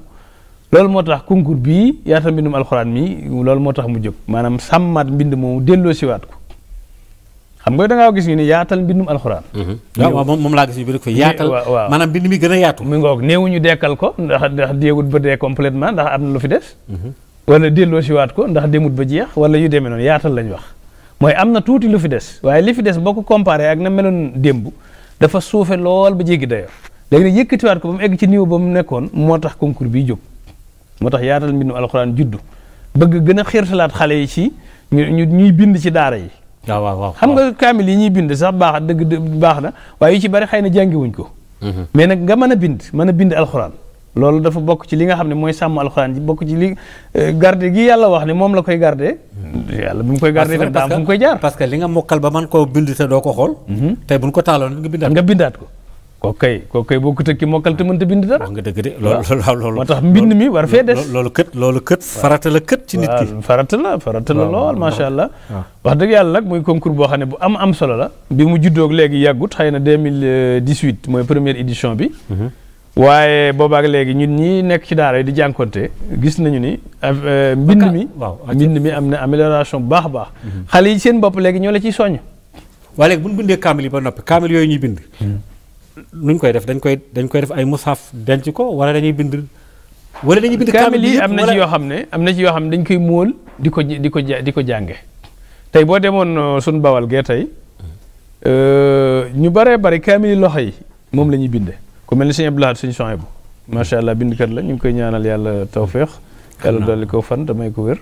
Speaker 3: loolu moo tax concours bii yaatal mbindum alxuraan mi loolu moo tax mu jóg maanaam sàmmaat mbind moomu delloo siwaat xam nga da ngaa gis ñu ni yaatal mbindum alxuraan.
Speaker 1: Mhm. waaw
Speaker 3: moom moom laa gis ñu bëri ko yaatal. waaw maanaam mbind mi gën a yaatu. mi ngoog néewuñu dekkal ko ndax ndax deewut ba dee complètement ndax am na lu des. Mhm. wala delloo ko ndax demut ba jeex wala yu demee noonu yaatal lañ wax. mooy am na tuuti lu fi des waaye li fi des boo ko comparé ak na meloon démb dafa suufe lool ba jéggi dayoo léegi nag yëkkatiwaat ko ba mu ci niveau ba mu nekkoon moo tax concours bi moo tax yaatal mbindum alxuraan juddu bëgg gën a xiirtalaat xale yi ci ñu ñuy bind ci daara yi waaw waaw xam nga kaamil yi ñuy bind sax baax dëgg baax na waaye yu ci bari xëy na jàngiwuñ ko. Mm-hmm. mais nag nga mën a bind mën a bind alxuraan. loolu dafa bokk ci li nga xam ne mooy sàmm alxuraan ji bokk ci li euh, garde gi yàlla wax ne moom la koy garde mm-hmm. yàlla bi mu koy garde itam mu koy jaar. parce que li nga mokkal ba man koo bind te doo ko xool. Mm-hmm. tey bu ñu ko taaloon nga bindaat nga bindaat ko. kooku kay kooku kay bokkut ak ki mokkal te mënta bind dara. wax nga dëgg de loolu loolu moo tax mbind mi war fee des. loolu kët loolu kët farata la kët. ci nit ki farata la lool macha allah. wax dëgg yàlla nag muy concours boo xam ne bu am am solo la. bi mu juddoog léegi yàggut xëy na mille 2018 mooy première édition bi. Mhm. waaye boobaak léegi ñun ñi nekk ci daara yi di jànkonte gis nañu ni euh, mbind mi mbind mi am na amélioration bu baax a baax mhm. xale yi seen bopp léegi ñoo la ciy soññ waa léegi bu ñu bindee kaamil yi ba noppi yooyu ñuy bind
Speaker 1: mhm.
Speaker 2: ñu koy def dañ koy dañ koy def ay mushaf denc ko wala dañuy bind. wala dañuy bind kaamil yi am na ci
Speaker 3: yoo xam ne am na ci yoo xam ne dañ koy móol di ko di ko di ko jànge tey boo demoon uh, suñ bawal gee tey uh, ñu baree bari kaamil yi loxo yi moom la ñuy binde ku mel ni sëñ Abdou Lahad suñu Sohaybu macha allah bindkat la ñu ngi koy ñaanal yàlla tawféex yàlla dolli ko fan damay ko wér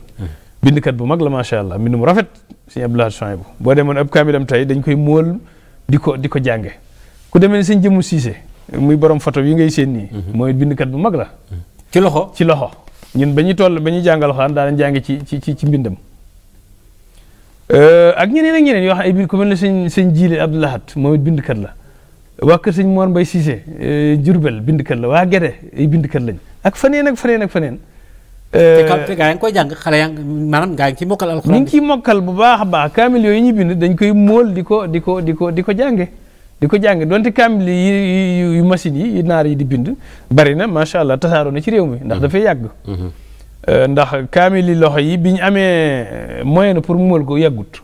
Speaker 3: bindkat bu mag la macha allah mbind mu rafet sëñ Abdou Lahad Sohaybu boo demoon ab kaamilam tey dañ koy móol di ko di ko jànge ku demee ne sëñ jëmmu siise muy borom photo yi ngay seen nii mhm. mooy bindkat bu mag la mhm. ci loxo ci loxo ñun ba ñuy toll ba ñuy jàngal xaan daanañ jàngi ci ci ci ci mbindam ak ñeneen ak ñeneen yoo xam ay bind ku mel ne sëñ sëñ jiile abdoulahat moom it la waa kër sëñ Mor Mbay Cissé Jurbel bindkat la waa Gede ay bindkat lañ ak faneen ak faneen ak faneen. te ka gaa ngi koy jàng xale yaa ngi gaa ngi ciy mokkal alxuraan. ciy mokkal bu baax a baax kaamil yooyu ñu bind dañ koy móol di ko di ko di ko di ko jànge di ko jàng donte kaamil yi yu machine yi naar yi di bind bari na macha allah tasaaroo na ci réew mi ndax mhm. dafay yàgg mhm. euh, ndax kaamil loxo yi bi ñu amee moyen pour mumal ko yàggut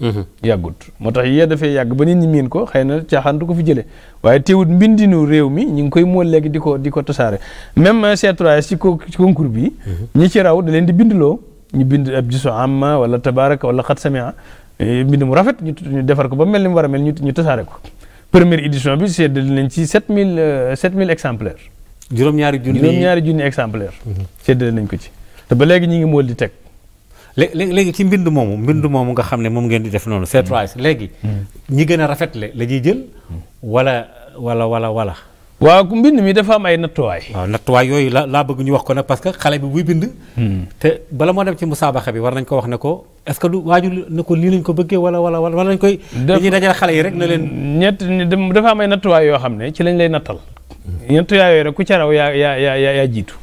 Speaker 3: mhm. yàggut moo tax yee dafay yàgg ba nit ñi miin ko xëy na caaxaan du ko fi jëlee waaye teewut nu réew mi ñu ngi koy mool léegi di ko di ko tasaare même C3S ci concours bi ñi ci raw da leen di bindloo ñu bind ab jisu amma wala tabaraka wala xat samia eh, mbind mu rafet ñu defar ko ba mel ni mu war a mel ñu tasaare ko première édition bi séddal nañ ci 7000 7000 euh, exemplaires. juróom-ñaari junni juróom-ñaari junni exemplaires. Mhm. séddal nañ ko ci te ba léegi ñu ngi mool di teg. léegi léegi ci mbind moomu mbind mhm. moomu nga xam
Speaker 2: ne moom ngeen di def noonu. set mhm. trois léegi. ñi gën a rafet le la ñuy jël. walla wala wala wala. waaw ku mbind mi dafa may ay nattuwaay. Ah, waaw yooyu la laa bëgg ñu wax ko nag parce que xale bi buy bind. Hmm. te bala moo dem ci saaba bi war nañ ko wax ne ko est-ce que du waaju ne ko lii ko bëggee wala wala wala lañ koy. dañuy dajale yi rek na leen.
Speaker 3: ñett dafa am ay nattuwaay yoo xam ne ci lañ lay nattal. nattuwaay hmm. yooyu rek ku ca raw yaa yaa yaa yaa jiitu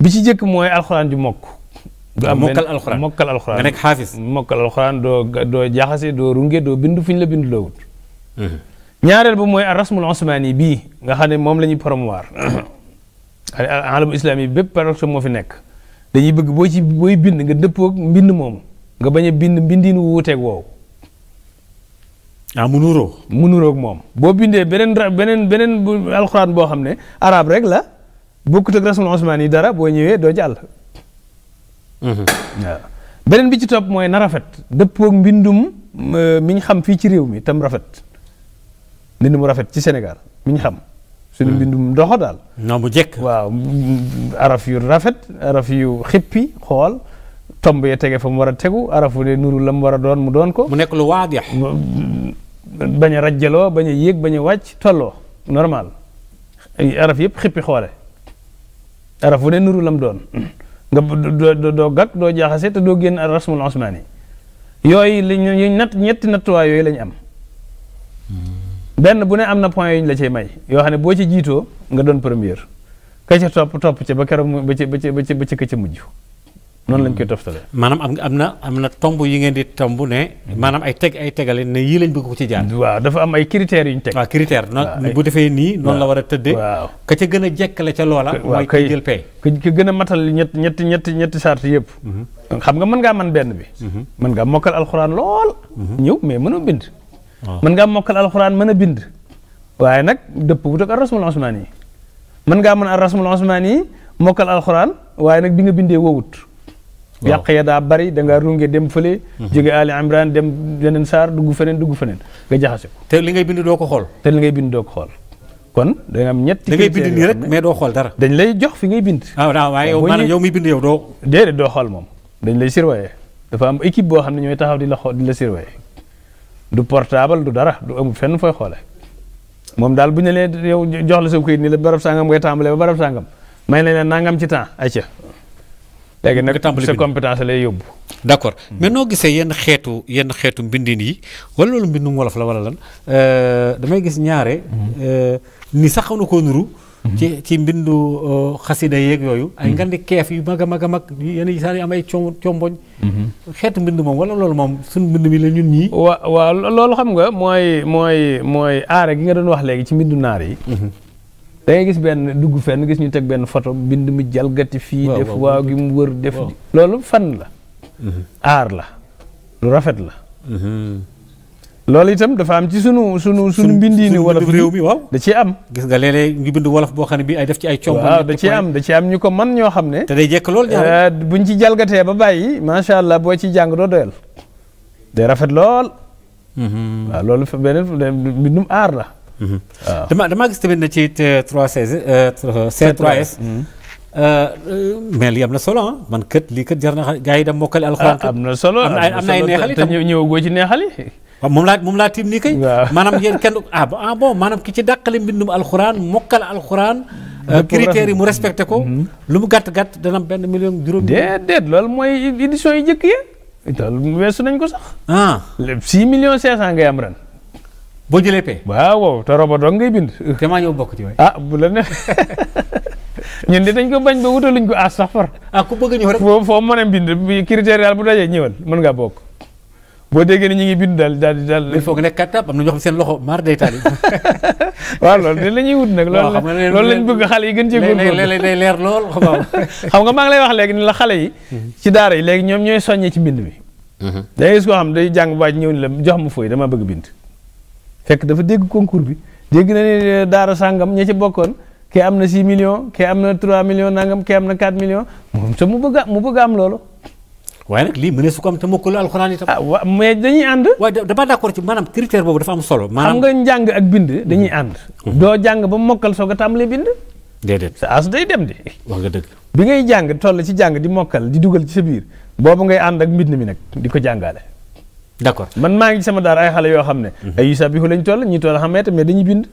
Speaker 3: bi ci njëkk mooy alxuraan ju mokk. du am mokkal alxuraan mokkal alxuraan nga nekk xaafis mokkal alxuraan doo doo jaxase doo runge doo bind fu la bind loo ñaareel ba mooy arrasmul osmaani bii nga xam ne moom la ñuy promouvoir alamu islam bépp paroxe moo fi nekk dañuy bëgg boo ci booy bind nga dëppook mbind moomu nga bañ a bind mbindiin wu wuuteeg woowu. ah mu nuróo mu nuróog moom boo bindee beneen beneen beneen alxuraan boo xam ne arab rek la bokkut ak rasmul osmaani yi dara boo ñëwee doo jàll.
Speaker 1: Mhm. waaw
Speaker 3: beneen bi ci topp mooy na rafet dëppook mbindum euh, mi xam fii ci réew mi tam rafet. mbind mu rafet ci Sénégal mi ñu xam. suñu hmm. mbindum ndox daal. non bu jekk waaw araf rafet araf yu xool. tomb tege fa war a tegu arafu de nuru la mu war a doon mu doon ko. mu nekk lu waadix. bañ a rajjaloo bañ a yéeg bañ a wàcc tolloo normal araf yëpp xippi xoole araf wu ne nuru lam doon nga doo doo gàkk doo jaaxase te doo génn rasmul osmaani yooyu lañ ñett ñetti nattuwaay yooyu lañ am. Hmm. benn bu ne am na point yu ñu la cay may yoo xam ne boo ci jiitoo nga doon première ka ca topp topp ca ba keroog ba ca ba ca ba ca ka ca mujj. noonu lañ koy hmm. toftalee. maanaam am am na am na tomb yi ngeen di tomb ne.
Speaker 2: maanaam ay teg ay tegale ne yii lañ bëgg ko ci jaar. waaw dafa am ay critères yu ñu teg. Ah, waaw critère noonu bu
Speaker 3: defee nii. noon la war a tëddee. waaw ka ca gën a jekkale ca loola. waaw kay mooy jël pay. ka gën a matal ñett ñetti ñetti ñetti sart yëpp. Mhm. xam nga mën ngaa man benn bi. Mhm. mën ngaa mokkal alxuraan lool. Mhm. ñëw mais mënoo bind. mën ngaa mokkal alxuraan mën a bind waaye nag dëpp bu toog arrasmul osmaan mën ngaa mën a arrasmul osmaan yi mokkal alxuraan waaye nag bi nga bindee woowut yàq ya daa bari da ngaa runge dem fële mhm. jóge Ali Imran dem yeneen saar dugg feneen dugg feneen nga jaxase ko te li ngay bind doo ko xool te li ngay bind ko xool kon da nga am ñetti da ngay bind nii rek mais doo xool dara dañ lay jox fi ngay bind ah waaye yow maanaam yow muy bind yow doo déedéet doo xool moom dañ lay surveiller dafa am équipe boo xam ne ñooy taxaw di xool di la du portable du dara du amul fenn fooy xoole moom daal bu ñu leen yow jox la sa kayit ni la barab sangam ngay tàmbalee ba barab sangam may nañ leen nangam ci temps ayca.
Speaker 2: léegi nag sa compétence lay yóbbu. d' accord mais noo gisee yenn xeetu yenn xeetu mbindin yi wala loolu mbindum wolof la wala lan euh, damay gis ñaare. Mm-hmm. Euh, ni sax xaw na koo nuru. ci ci mbindu uh, xasida yeeg yooyu. ay mm-hmm. ngandi keef yu mag a mag a mag yenn yi saa yi am ay com comboñ. Mm-hmm. xeetu mbind moom wala loolu moom suñ mbind
Speaker 3: mi la ñun ñii. wa waaw loolu xam nga mooy mooy mooy aare gi nga doon wax léegi ci mbindu naar yi. Mm-hmm. da gis benn dugg fenn gis ñu teg benn photo mbindu mi jalgati. fii def waaw gi mu wër def. loolu fan la. aar la lu rafet la. loolu itam dafa am ci sunu sunu sunu mbindiini wolof réew mi waaw da am gis nga léeg-léeg bind wolof boo xam ne bi ay def ci ay comb da ciy am da ciy am ñu ko man ñoo xam ne te day jekk lool euh, buñ ci jalgatee ba bàyyi macha allah boo ci jàng doo day rafet lool mm-hmm. waaw loolu fa beneen bindum aar la mm-hmm. waaw dama
Speaker 2: damaa gis tamit na ci 316 C3S euh, euh, mm-hmm. mais lii na solo ah. man kët lii kët jar na gaa yi dem mokkale alxuraan ah, am na solo am na ay te ñëw ñëwagoo ci neexal waaw moom laa moom laa tiim nii kay. waaw maanaam yéen kenn ah, ah ci dàqale mbindum alxuraan mokkal alxuraan. Euh, critères yi mu respecté ko. Mm-hmm. lu mu gàtt gàtt dana
Speaker 3: benn million juróom. déedéet loolu mooy édition yi njëkk yi loolu weesu nañ ko sax. ah lépp 6 millions 500 ngay am boo jëlee pay. waaw te robo dong ngay bind. te maa ñëw bokk ci waay. ah bu la ne ñun de dañ ko bañ ba wutaluñ ko a sax far. ah ku bëgg ñëw rek. foo foo mën a bind critères yi ñëwal mën ngaa bokk. boo déggee ni ñu ngi bind daal daal di daal. il faut que nekk kattan am na waaw loolu de la ñuy wut nag. waaw xam nga loolu lañ bëgg xale yi gën cee góorgóorlu leer lool xam nga maa ngi lay wax léegi ni la xale yi. Mhm. ci daara yi léegi ñoom ñooy soññee ci mbind mi. Mhm. da ngay gis xam day jàng baaj ñëw ni la jox ma fooy dama bëgg bind. fekk dafa dégg concours bi dégg na ne eh, daara sàngam ña ci bokkoon. kii am na 6 millions kii am na 3 million nangam kii am na 4 millions moom mu bëgg mu bëgg am lool waaye nag lii mënee su te mokkalu alxuraan itam. ah wa mais dañuy ànd. waaye dama d'accord ci maanaam critère boobu dafa solo. maanaam xam nga ak bind dañuy ànd. Mhm. doo jàng ba mokkal soog a tàmbalee bind. déedéet sa as day dem de. wax nga dëgg. bi ngay jàng toll si jàng di mokkal di dugal ci sa biir boobu ngay ànd ak mbind mi nag di ko jàngaale. d'accord man maa ngi sama daar ay xale yoo xam ne. Mhm. ay yusabihu lañ toll ñuy toll xamante mais dañuy bind.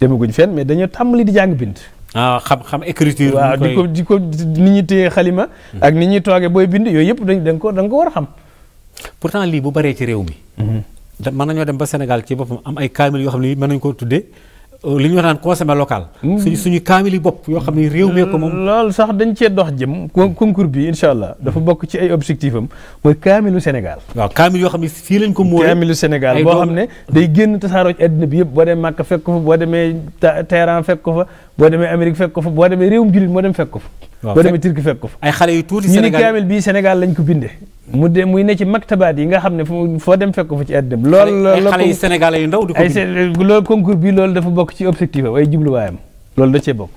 Speaker 3: demaguñ fen mais dañoo tàmbali di jàng bind. ah xam-xam écriture. waaw di ko di ko ni ñuy xalima. ak ni ñuy toogee booy bind yooyu yëpp dañ da ko da ko war a pour
Speaker 2: pourtant lii bu baree ci réew mi. Mhm. da mën nañoo dem ba Sénégal ci boppam am ay kaamil yoo xam ne mën nañu ko tuddee. li ñu naan consommé local. Mm. suñu suñu kaamili bopp yoo xam ne réew mee ko moom.
Speaker 3: lool sax dañ cee dox jëm. concours bi incha allah dafa bokk ci ay objectif am mooy kaamilu Sénégal. waaw kaamil yoo xam ne fii lañ ko mooy. kaamilu Sénégal boo xam ne day génn tasaaroo ci àddina bi yëpp boo demee Màkka fekk ko fa boo demee Téhéran fekk ko fa boo demee Amérique fekk ko fa boo demee réewum jullit moo dem fekk ko fa. boo demee Turki fekk ko fa. ay xale yu tuuti Sénégal ñu ni kaamil bii Sénégal lañ ko bindee. mu de muy ne ci maktabaat yi nga xam ne foo dem fekk ko fa ci at dem. loolu yu ndaw di ko bindee loolu concours bi loolu dafa bokk ci objectif am ay jubluwaayam loolu da cee bokk.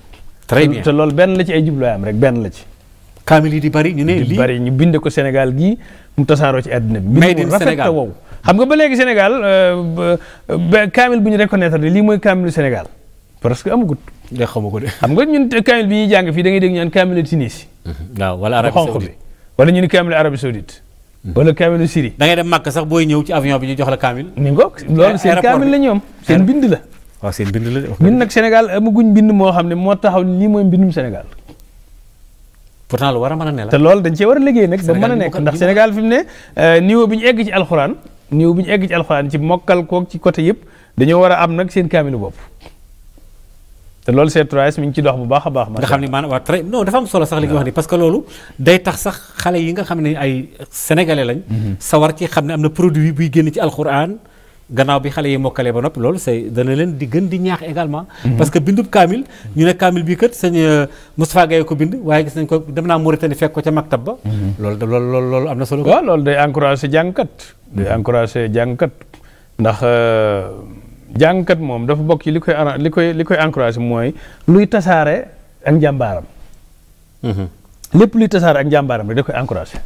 Speaker 3: très bien te loolu benn la ci ay jubluwaayam rek benn la ci. kaamil yi di bari ñu ne lii di bari ñu binde ko Sénégal gii mu tasaaroo ci àddina bi. made in Sénégal wow xam nga ba léegi Sénégal euh, ba kaamil bu ñu reconnaître lii mooy kaamilu Sénégal parce que amagut de xamu ko de. xam nga ñun kaamil bi ñuy jàng fii da ngay dégg ñu naan kaamilu Tunisie. Mhm. waaw wala Arabie Saoudite wala ñu ni kaamilu Arabie Saoudite. Mhm. wala kaamilu Syrie. da ngay dem sax booy ñëw ci avion bi ñu jox la kaamil. ni nga loolu eh, seen ñoom seen bind la. waaw seen bind la de. ñun nag Sénégal amaguñ bind moo xam ne moo taxaw lii mooy mbindum Sénégal. pourtant war a mën a loolu dañ cee a liggéey nag. ba mën a nekk ndax Sénégal fi mu ne euh, niveau bi ñu egg ci alxuraan niveau bi ñu egg ci alxuraan ci mokkal koog ci côté yëpp dañoo war a am nag seen kaamilu bopp te loolu C3S mi ngi ci dox bu baax a baax. nga xam ne maanaam waa très
Speaker 2: non dafa am solo sax li nga wax ni tax sax xale yi nga xam ne ay sénégalais lañ. Mhm. sawar ci xam ne am na produit buy génn ci alxuraan gannaaw bi xale yi mokkalee ba noppi lool c'est dana leen di gën di ñaax également. Mhm. parce que bindub kaamil ñu ne kaamil bii kat sëñ euh, Moustapha Gaye ko
Speaker 3: bind waaye gis nañ ko dem naa Mauritanie fekk ko ca maktab ba. Mhm. loolu loolu loolu loolu am na solo. waaw loolu day encouragé jàngkat. day encouragé jàngkat ndax. Euh, jàngkat moom dafa bokk ci li koy li koy li koy encouragé mooy luy tasaare ak njàmbaaram. Mhm. lépp luy tasaare ak njàmbaaram rek da koy encouragé.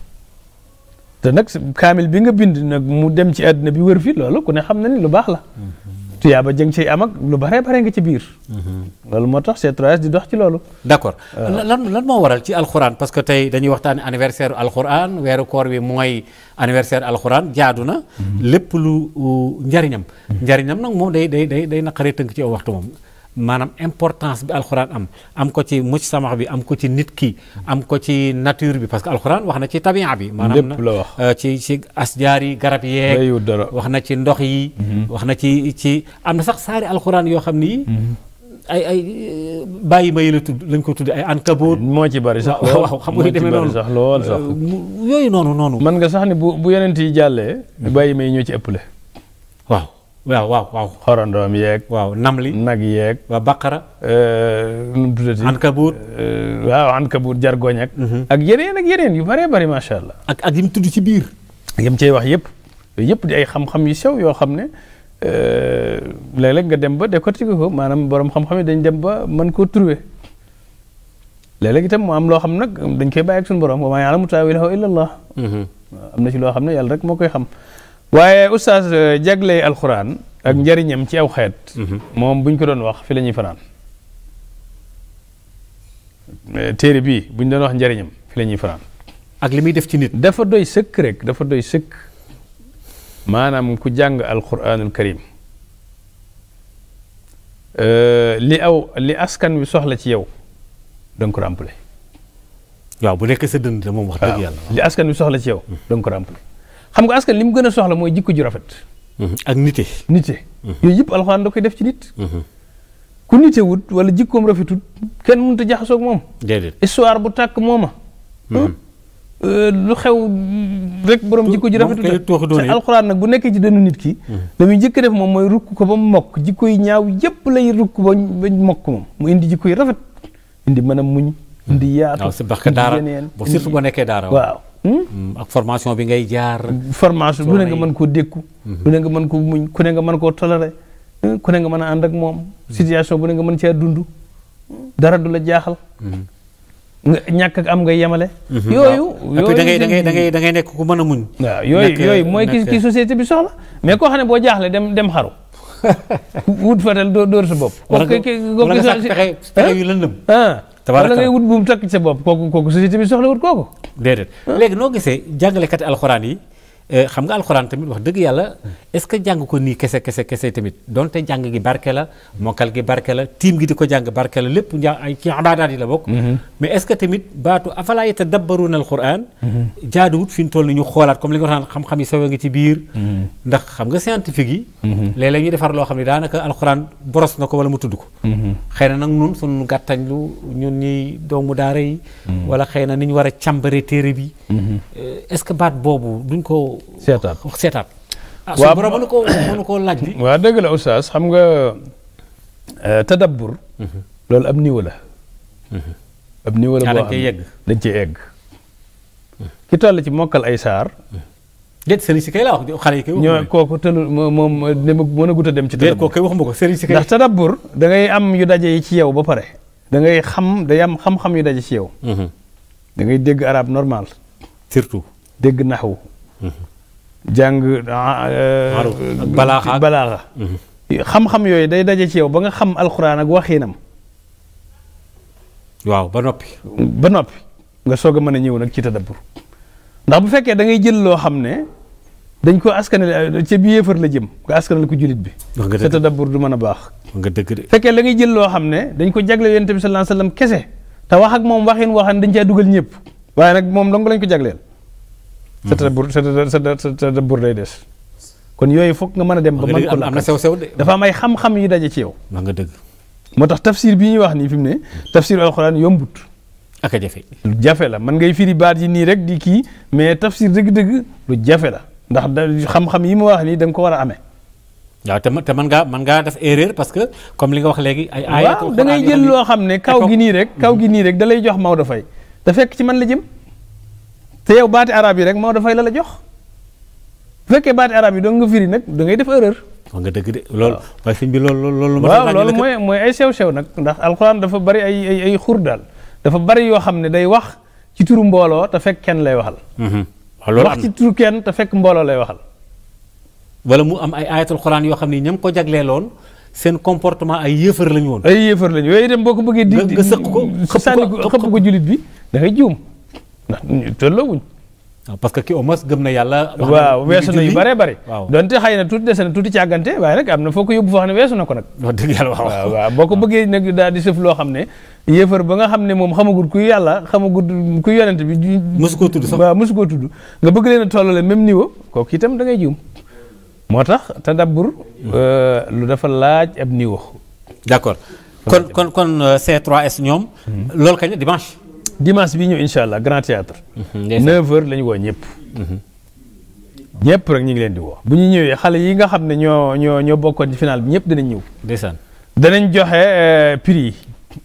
Speaker 3: te nag kaamil bi nga bind nag mu dem ci àddina bi wër fii loolu ku ne xam na ni lu baax la. Mhm. tuyaaba jëng ciy am ak lu bare bare nga ci biir. Mm-hmm. loolu moo tax c 3 di dox ci loolu. d'accord lan
Speaker 2: lan moo waral ci alxuraan parce que tey dañuy waxtaan anniversaire alxuraan weeru koor wi mooy anniversaire alxuraan jaadu na. Mm-hmm. lépp lu njariñam. Mm-hmm. njariñam nag moom day day day day naqaree tënk ci aw waxtu moom. maanaam importance bi alxuraan am am ko ci mucc samax bi am ko ci nit ki am ko ci nature bi parce que alxuraan wax na ci tabia bi maanaam euh, ci ci asjaar yi garab yeeg wax na ci ndox yi mhm. wax na ci ci am na sax saari alxuraan yoo xam ni mhm. ay ay euh, bàyyi ma yi la tudd lañ ko tudd ay ankaboot eh,
Speaker 3: moo ci bari sax waaw xam nga demee noonu sax lool sax euh, yooyu noonu noonu man nga sax ni bu bu yeneen ti jàllee mhm. bàyyi ma yi ñoo ci ëpple waaw waaw waaw waaw. xorandoom yeeg. waaw namli nag yeeg. waa baqara. Euh, nu mu tuddati ankabuur. Euh, waaw ankabuur jargoñ ak. Mhm. ak yeneen ak yeneen yu bëree bëri macha allah. ak ak yi mu tudd ci biir. yam cey wax yëpp yooyu yëpp di ay xam-xam yu sew yoo xam ne euh, léeg-léeg nga dem ba décortiquer ko maanaam borom xam-xam yi dañ dem ba mën koo trouver léeg-léeg itam mu am loo xam nag dañ koy bàyyi ak suñu borom wa maa yaalamu taawilahu illa mhm. am na ci loo xam ne yàlla rek moo koy xam. waaye oustaz euh, jagley alxuraan ak mhm. njariñam ci aw xeet mhm. moom buñ ko doon wax fi la fanaan euh, téere bii buñ doon wax njariñam fi la fanaan ak li muy def ci nit dafa doy sëkk rek dafa doy sëkk maanaam ku jàng alxuraanul karim euh, li aw li askan wi soxla ci yow danga ko ràmpale waaw bu nekk wax dëgg yàlla li wi soxla ci yow mhm. danga ko ràmpale xam nga askan li mu gën a soxla mooy jikko ju rafet. Mhm. ak nite. nite mhm. yooyu yëpp alxuraan da koy def ci nit. Mhm. ku nite wut wala jikkoom rafetut kenn mënut a jaxasoo ak moom. déedéet histoire bu tàkk mooma. Hmm? Euh, lu xew rek borom jikko ji rafet te alxuraan na bu nekkee ci dënnu nit ki la mu njëkk def moom mooy rukk ko ba mu mokk jikko yi ñaaw yépp lay rukk ba mokk moom mu indi jikko yi rafet indi mën a muñ indi yaatu indi yeneen surtout boo nekkee daara waaw
Speaker 1: Hmm? ak
Speaker 3: formation bi ngay jaar. formation lu mhm. nga mën koo dékku. lu ne nga mën ko muñ ku nga mën koo toléré. Hmm? ku nga mën a ànd ak moom. Hmm. situation bu ne nga mën cee dund. dara du la jaaxal. Mhm. nga ñàkk am nga yemale.
Speaker 1: Mhm. yooyu yooyu da ngay da ngay da ngay da
Speaker 3: ngay a muñ. yooyu yooyu mooy ki ki société bi soxla mais koo xam ne boo jaaxle dem dem xaru. wut fatal doo dóor sa bopp. wala nga wala nga sax pexe pexe yu lëndëm. tabaaraka ngay wut buum takk
Speaker 2: sa bopp kooku kooku société bi soxla wut kooku. déedéet ah. léegi noo gisee jàngalekati alxuraan yi. Euh, xam nga alxuraan tamit wax dëgg yàlla hmm. est-ce que jàng ko nii kese kese kese tamit donte jàng gi barke la mokkal gi barke la tiim gi di ko jàng barke la lépp ay ci ibaadaat yi la bokk hmm. mais est-ce que tamit baatu afalaa yatadabbaruuna alxuraan hmm. jaaduwut fi ñu toll ni a euh, baat boobu duñ ko koo.
Speaker 3: seetaat seetaat. ah suñu borom mënu koo mënu koo laaj bi. waaw dëgg la oustaz xam nga euh, tadabbur. Mhm. loolu ab niveau la. Mhm. ab niveau la boo xam ne dañ cee egg. Mhm. ki toll ci mokkal ay saar. déet sëriñ si kay la wax xale yi dem ci. tadabbur déet kooku kay ko sëriñ si kay. ndax tadabbur da ngay am yu daje yi ci yow ba pare. da ngay xam day am xam-xam ci yow. da ngay dégg arab normal. surtout dégg naxwu jàng balaaxa ah, eh, balaaxa mhm. xam-xam yooyu day daje ci ba nga xam alxuraan ak waxiinam waaw ba noppi ba noppi nga soog a mën a ñëw nag ci tadabbur ndax bu fekkee dangay jël loo xam ne dañ ko askanale ca bi yéefar la jëm nga askanale ko julit bi te tadabbur du mën a baax nga dëgg de fekkee la ngay jël loo xam ne dañ ko jagle yonent bi sallallahu alayhi wasallam kese te wax ak moom waxin waxan dañ caa dugal ñëpp waaye nag moom dong lañ ko jagleel sa tata bur sa tata bur day des kon yooyu foog nga mën a dem ba mën ko am na sew sew de dafa am ay xam-xam yi daje ci yow ma nga dëgg moo tax tafsir bi ñuy wax nii fi mu ne tafsir alxuraan yombut ak a jafe jafe la man ngay firi baat yi nii rek di kii mais tafsir dëgg-dëgg lu jafe la ndax da xam-xam yi ma wax nii danga ko war a amee waaw te te mën ngaa mën ngaa def erreur parce que comme li nga wax léegi ay aayatu waaw jël loo xam ne kaw gi nii rek kaw gi mhm. nii rek da lay jox Maodo Faye te fekk ci man la jëm te yow baati arab yi rek moo dafay la la jox bu fekkee baati arab yi doo nga firi nag da ngay def erreur.
Speaker 2: nga dëgg de loolu waaye sëñ bi loolu loolu.
Speaker 1: waaw loolu mooy
Speaker 3: mooy ay sew sew nag ndax alxuraan dafa bari ay ay xur daal dafa bari yoo xam ne day wax ci turu mbooloo te fekk kenn lay waxal.
Speaker 1: Mhm. loolu wax
Speaker 3: kenn te fekk
Speaker 2: mbooloo lay waxal. wala mu am ay ayatul xuraan yoo xam ne ñam ko lool seen comportement ay yëfër lañu woon. ay yëfër lañu yooyu itam boo ko bëggee. di nga sëq ko xëpp ko ko xëpp ko jullit bi
Speaker 3: da ngay juum. ndax tolloowuñ ah, parce que ki au moins gëm na yàlla. waaw weesu na yu bëree bëri. waaw donte xëy na tuuti dese na tuuti càggante waaye na foo ko yóbbu foo xam ne weesu na ko nag. wax dëgg yàlla waaw waaw boo ko bëggee nag daal di sëf loo xam ne. yéefar ba nga xam ne moom xamagul kuy yàlla xamagul kuy yonent bi. mosu koo tudd sax waaw nga bëgg leen a tollale même niveau kooku itam da ngay jiw moo tax tadabbur mm. euh, lu dafa laaj ab niveau. d'accord kon kon kon euh, ñoom. Mm. loolu kañ dimanche. dimanche bi ñëw incha allah grand théâtre 9h la ñu woo ñëpp. Mhm. ñëpp rek ñu ngi leen di woo. bu ñuy ñëwee xale yi nga xam ne ñoo ñoo ñoo bokkoon di final bi ñëpp danañ ñëw. ndeysaan danañ joxe euh, prix yi.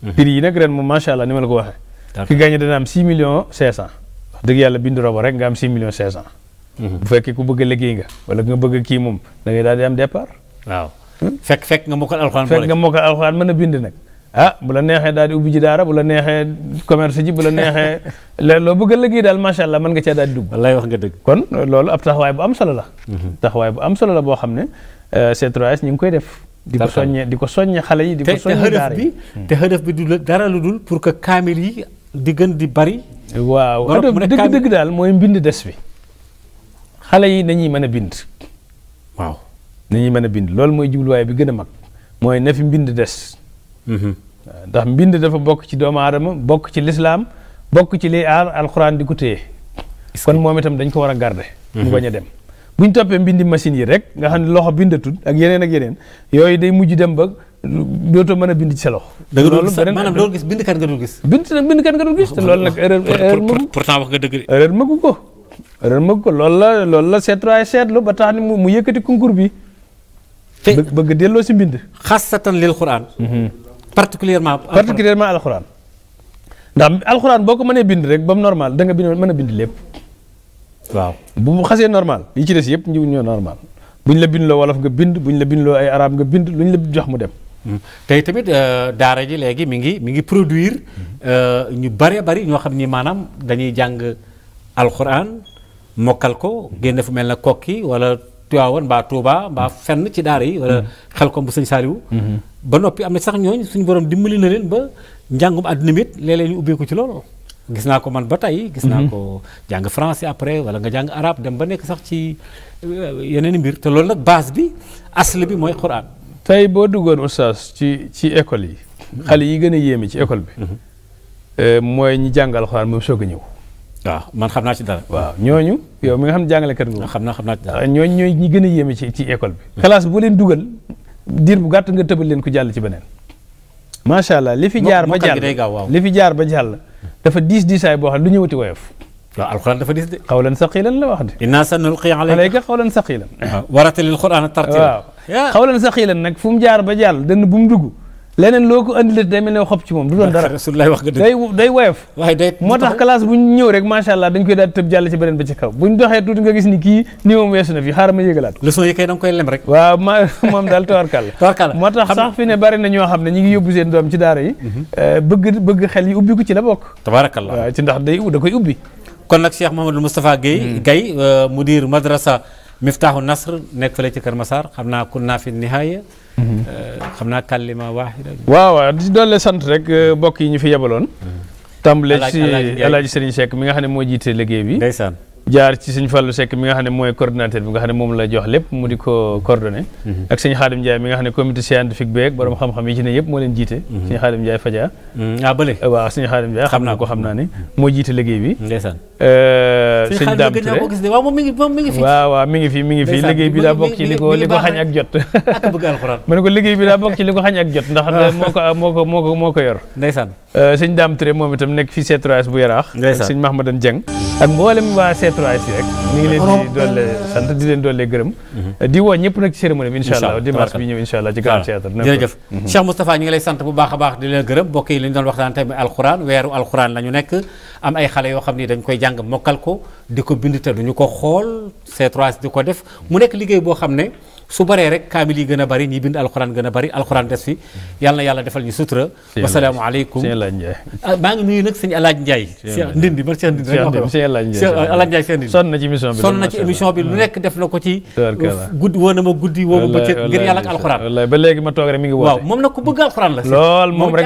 Speaker 3: Mhm. prix yi nag ren moom macha allah ni ma la ko waxee. ki gagné dana am million millions 500. wax dëgg yàlla bindu robo rek nga am 6 millions 500. Mhm. bu fekkee ku bëgg a liggéey nga wala nga bëgg kii moom da ngay daal di am départ. waaw hmm? fekk fekk nga mokkal alxuraan. fekk nga mokkal alxuraan mën a bind nag. ah bu la neexee daal di ubbi ji daara bu la neexee commerce ji bu la neexee léegi loo bëgg a liggéey daal macha allah mën nga cee daal di dugg. wallaay wax nga dëgg. kon loolu ab taxawaay bu am solo la. Mhm. taxawaay bu am solo la boo xam ne euh, C3S ñu ngi koy def. di ko soññee di ko soññee xale yi di ko soññee daara yi te xërëf bi du dara lu dul pour que kaamil yi di gën di bari. waaw xërëf bi dëgg-dëgg daal mooy mbind des bi xale yi nañuy mën a bind. waaw nañuy mën a bind loolu mooy jubluwaay bi gën a mag mooy na fi mbind des mhm. ndax mbind dafa bokk ci doomu aadama bokk ci lislaam bokk ci liy aar alxuraan di ko téye kon moom itam dañ ko war a garder mu mhm. bañ a dem buñ toppee mbindi machine yi rek nga xam ne loxo bindatul ak yeneen ak yeneen yooyu day mujj dem ba dootoo mën a bind ci sa loxo. da nga doo gis bind kat nga dul gis. bind nag bind kat nga dul gis te loolu nag. erreur erreur mëgu pourtant wax nga dëgg ko erreur ko loolu la loolu la seetuwaay seetlu ba tax ni mu yëkkati concours bi. bëgg delloo si mbind. xasatan lil Qur'an. Mhm. particulièrement particulièrement alxuraan ndax alxuraan boo ko mënee bind rek ba mu normal da nga bind mën a bind waaw bu mu xasee normal yi ci des yëpp ñu ñoo normal buñ la bindloo wolof nga bind buñ la bindloo ay arab nga bind luñ la jox mu dem. Hmm. tey tamit euh,
Speaker 2: daara ji léegi mi ngi mi ngi produire euh, ñu bëree bëri ñoo xam ni maanaam dañuy jàng alxuraan mokkal ko génn fu mel na kokki wala Tiwaawan mbaa Touba mbaa fenn ci daara yi. wala hmm. xel kom bu sëñ Saliou. Hmm. ba noppi am na sax ñooñu suñu borom dimbali na leen ba njàngum àddina mi it léeg ñu ubbeeku ci loolu gis naa ko man ba tey gis naa mhm. ko jàng français après wala nga jàng arabe dem ba nekk sax ci
Speaker 3: euh, yeneen mbir te loolu nag base bi asl bi mooy quran tey boo duggoon oustaz ci ci école yi mhm. xale yi gën a yéeme ci école bi mhm. euh, mooy ñi jàngal alxuraan moom soog a ñëw waaw man xam naa ci dara waaw ñooñu yow mi nga xam jàngalekat nga xam naa xam naa ci dara ah, ñi gën a yéeme ci ci école bi diir bu gàtt nga tëbal leen ko jàll ci beneen macha allah li fi jaar ba jàll li fi jaar ba jàll dafa diis diisaay boo xam ne du ñëwati woyof waaw alxuraan dafa diis de xawlan saqilan la wax de inna sanulqi alayka xawlan saqilan waratilil qur'ana tartila waaw xawlan saqilan nag fu mu jaar ba jàll dënn bu mu dugg leneen loo ko andilee day mel ne xob ci moom du doon dara rasulullah wax day day moo tax classe bu ñu rek macha allah dañ koy daal tëb jàll ci beneen ba ci kaw bu ñu doxee nga gis ni kii ni moom weesu na fi xaaral ma yëgalaat leçon yi kay da koy lem rek waaw moom daal tawarkal tawarkal moo tax sax fi ne bari na ñoo xam ne ñi ngi yóbbu seen doom ci daara mhm. eh, bëgg xel yi ubbi ko ci la bokk tabarakallah waaw ci ndax day da koy ubbi kon nag Cheikh Mouhamadou Moustapha Guèye Gaye mudir mm. euh, madrasa
Speaker 2: nekk fële ci Kër Massar xam naa kun naa fi xam naa kàllima waaxida
Speaker 3: waaw di doole sant rek euh, mbokk yi ñu fi yebaloon. Mm. tàmbale ci El Hadj Serigne Seck mi nga xam ne moo jiite liggéey bi ndeysaan jaar ci sëñ Fallou Seck mi nga xam ne mooy coordonnateur bi nga xam ne moom la jox lépp mu di ko coordonné mhm. ak sëñ Xaadim Ndiaye mi nga xam ne comité scientifique beeg borom xam-xam yi ci ne yëpp moo leen jiite mhm. sëñ Xaadim Ndiaye Fadia mhm. ah bële waaw sëñ Xaadim Ndiaye xam naa ko xam moo mi euh, ngi mi mi ngi fi liggéey bi daa bokk ci li ko li ko xañ ak jot ma ne ko liggéey bi daa bokk ci li ko xañ ak jot ndax moo ko moo ko ko moo ko yor ndeysaan euh, sëñ Dame Touré moom itam nekk fii C3S bu yaraax sëñ Mahamadan Dieng ak mboolem waa 3S yi rek ñu ngi leen di doole euh, sant di leen doole gërëm di woo ñëpp nag ci cérémonie bi incha allah dimanche bi ñëw incha allah ci Grand Théâtre jërëjëf
Speaker 2: mhm. lay sant bu baax a baax di leen gërëm bokk yi li ñu doon waxtaan tey alxuraan weeru alxuraan la nekk am ay xale yoo xam ni dañ koy jàng mokkal ko di ko bind te duñu ko xool C3S di ko def mu nekk liggéey boo xam ne su baree rek kaamil yi gën a bari ñi bind alxuraan gën a bari alxuraan des fi yàlla na yàlla defal ñu sutura wasalaamualeykum ah, maa ngi nuyu nag sëñ alaaj Ndiaye
Speaker 1: Cheikh Ndindi man Cheikh alaaj Ndiaye Cheikh Ndindi sonn na ci émission bi sonn na ci émission bi lu nekk
Speaker 2: def
Speaker 3: na ko ci
Speaker 1: guddi woo na ma guddi woo ma bëccëg ngir ba ma
Speaker 2: la
Speaker 3: lool moom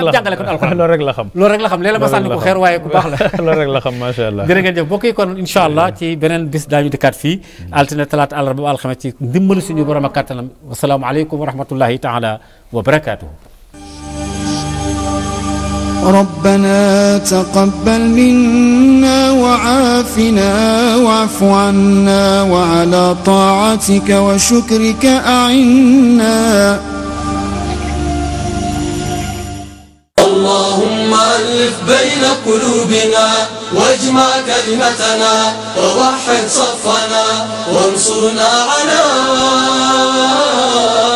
Speaker 3: rek
Speaker 2: la kon incha ci beneen bis daañu dikkaat fii altine talaata àllarba alxames ci ndimbalu suñu borom kattanam wasalaamualeykum wa rahmatullahi taala wa barakaatuhu
Speaker 3: ربنا تقبل منا وعافنا واعف عنا وعلى
Speaker 2: طاعتك وشكرك أعنا
Speaker 1: اللهم ألف بين قلوبنا واجمع كلمتنا ووحد صفنا وانصرنا على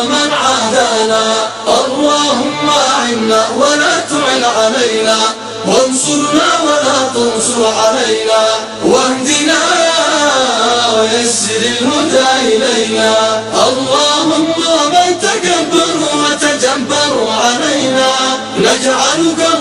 Speaker 1: من عادانا اللهم أعنا ولا تعن علينا وانصرنا ولا تنصر علينا واهدنا ويسر الهدى إلينا اللهم من تكبر وتجبر علينا نجعلك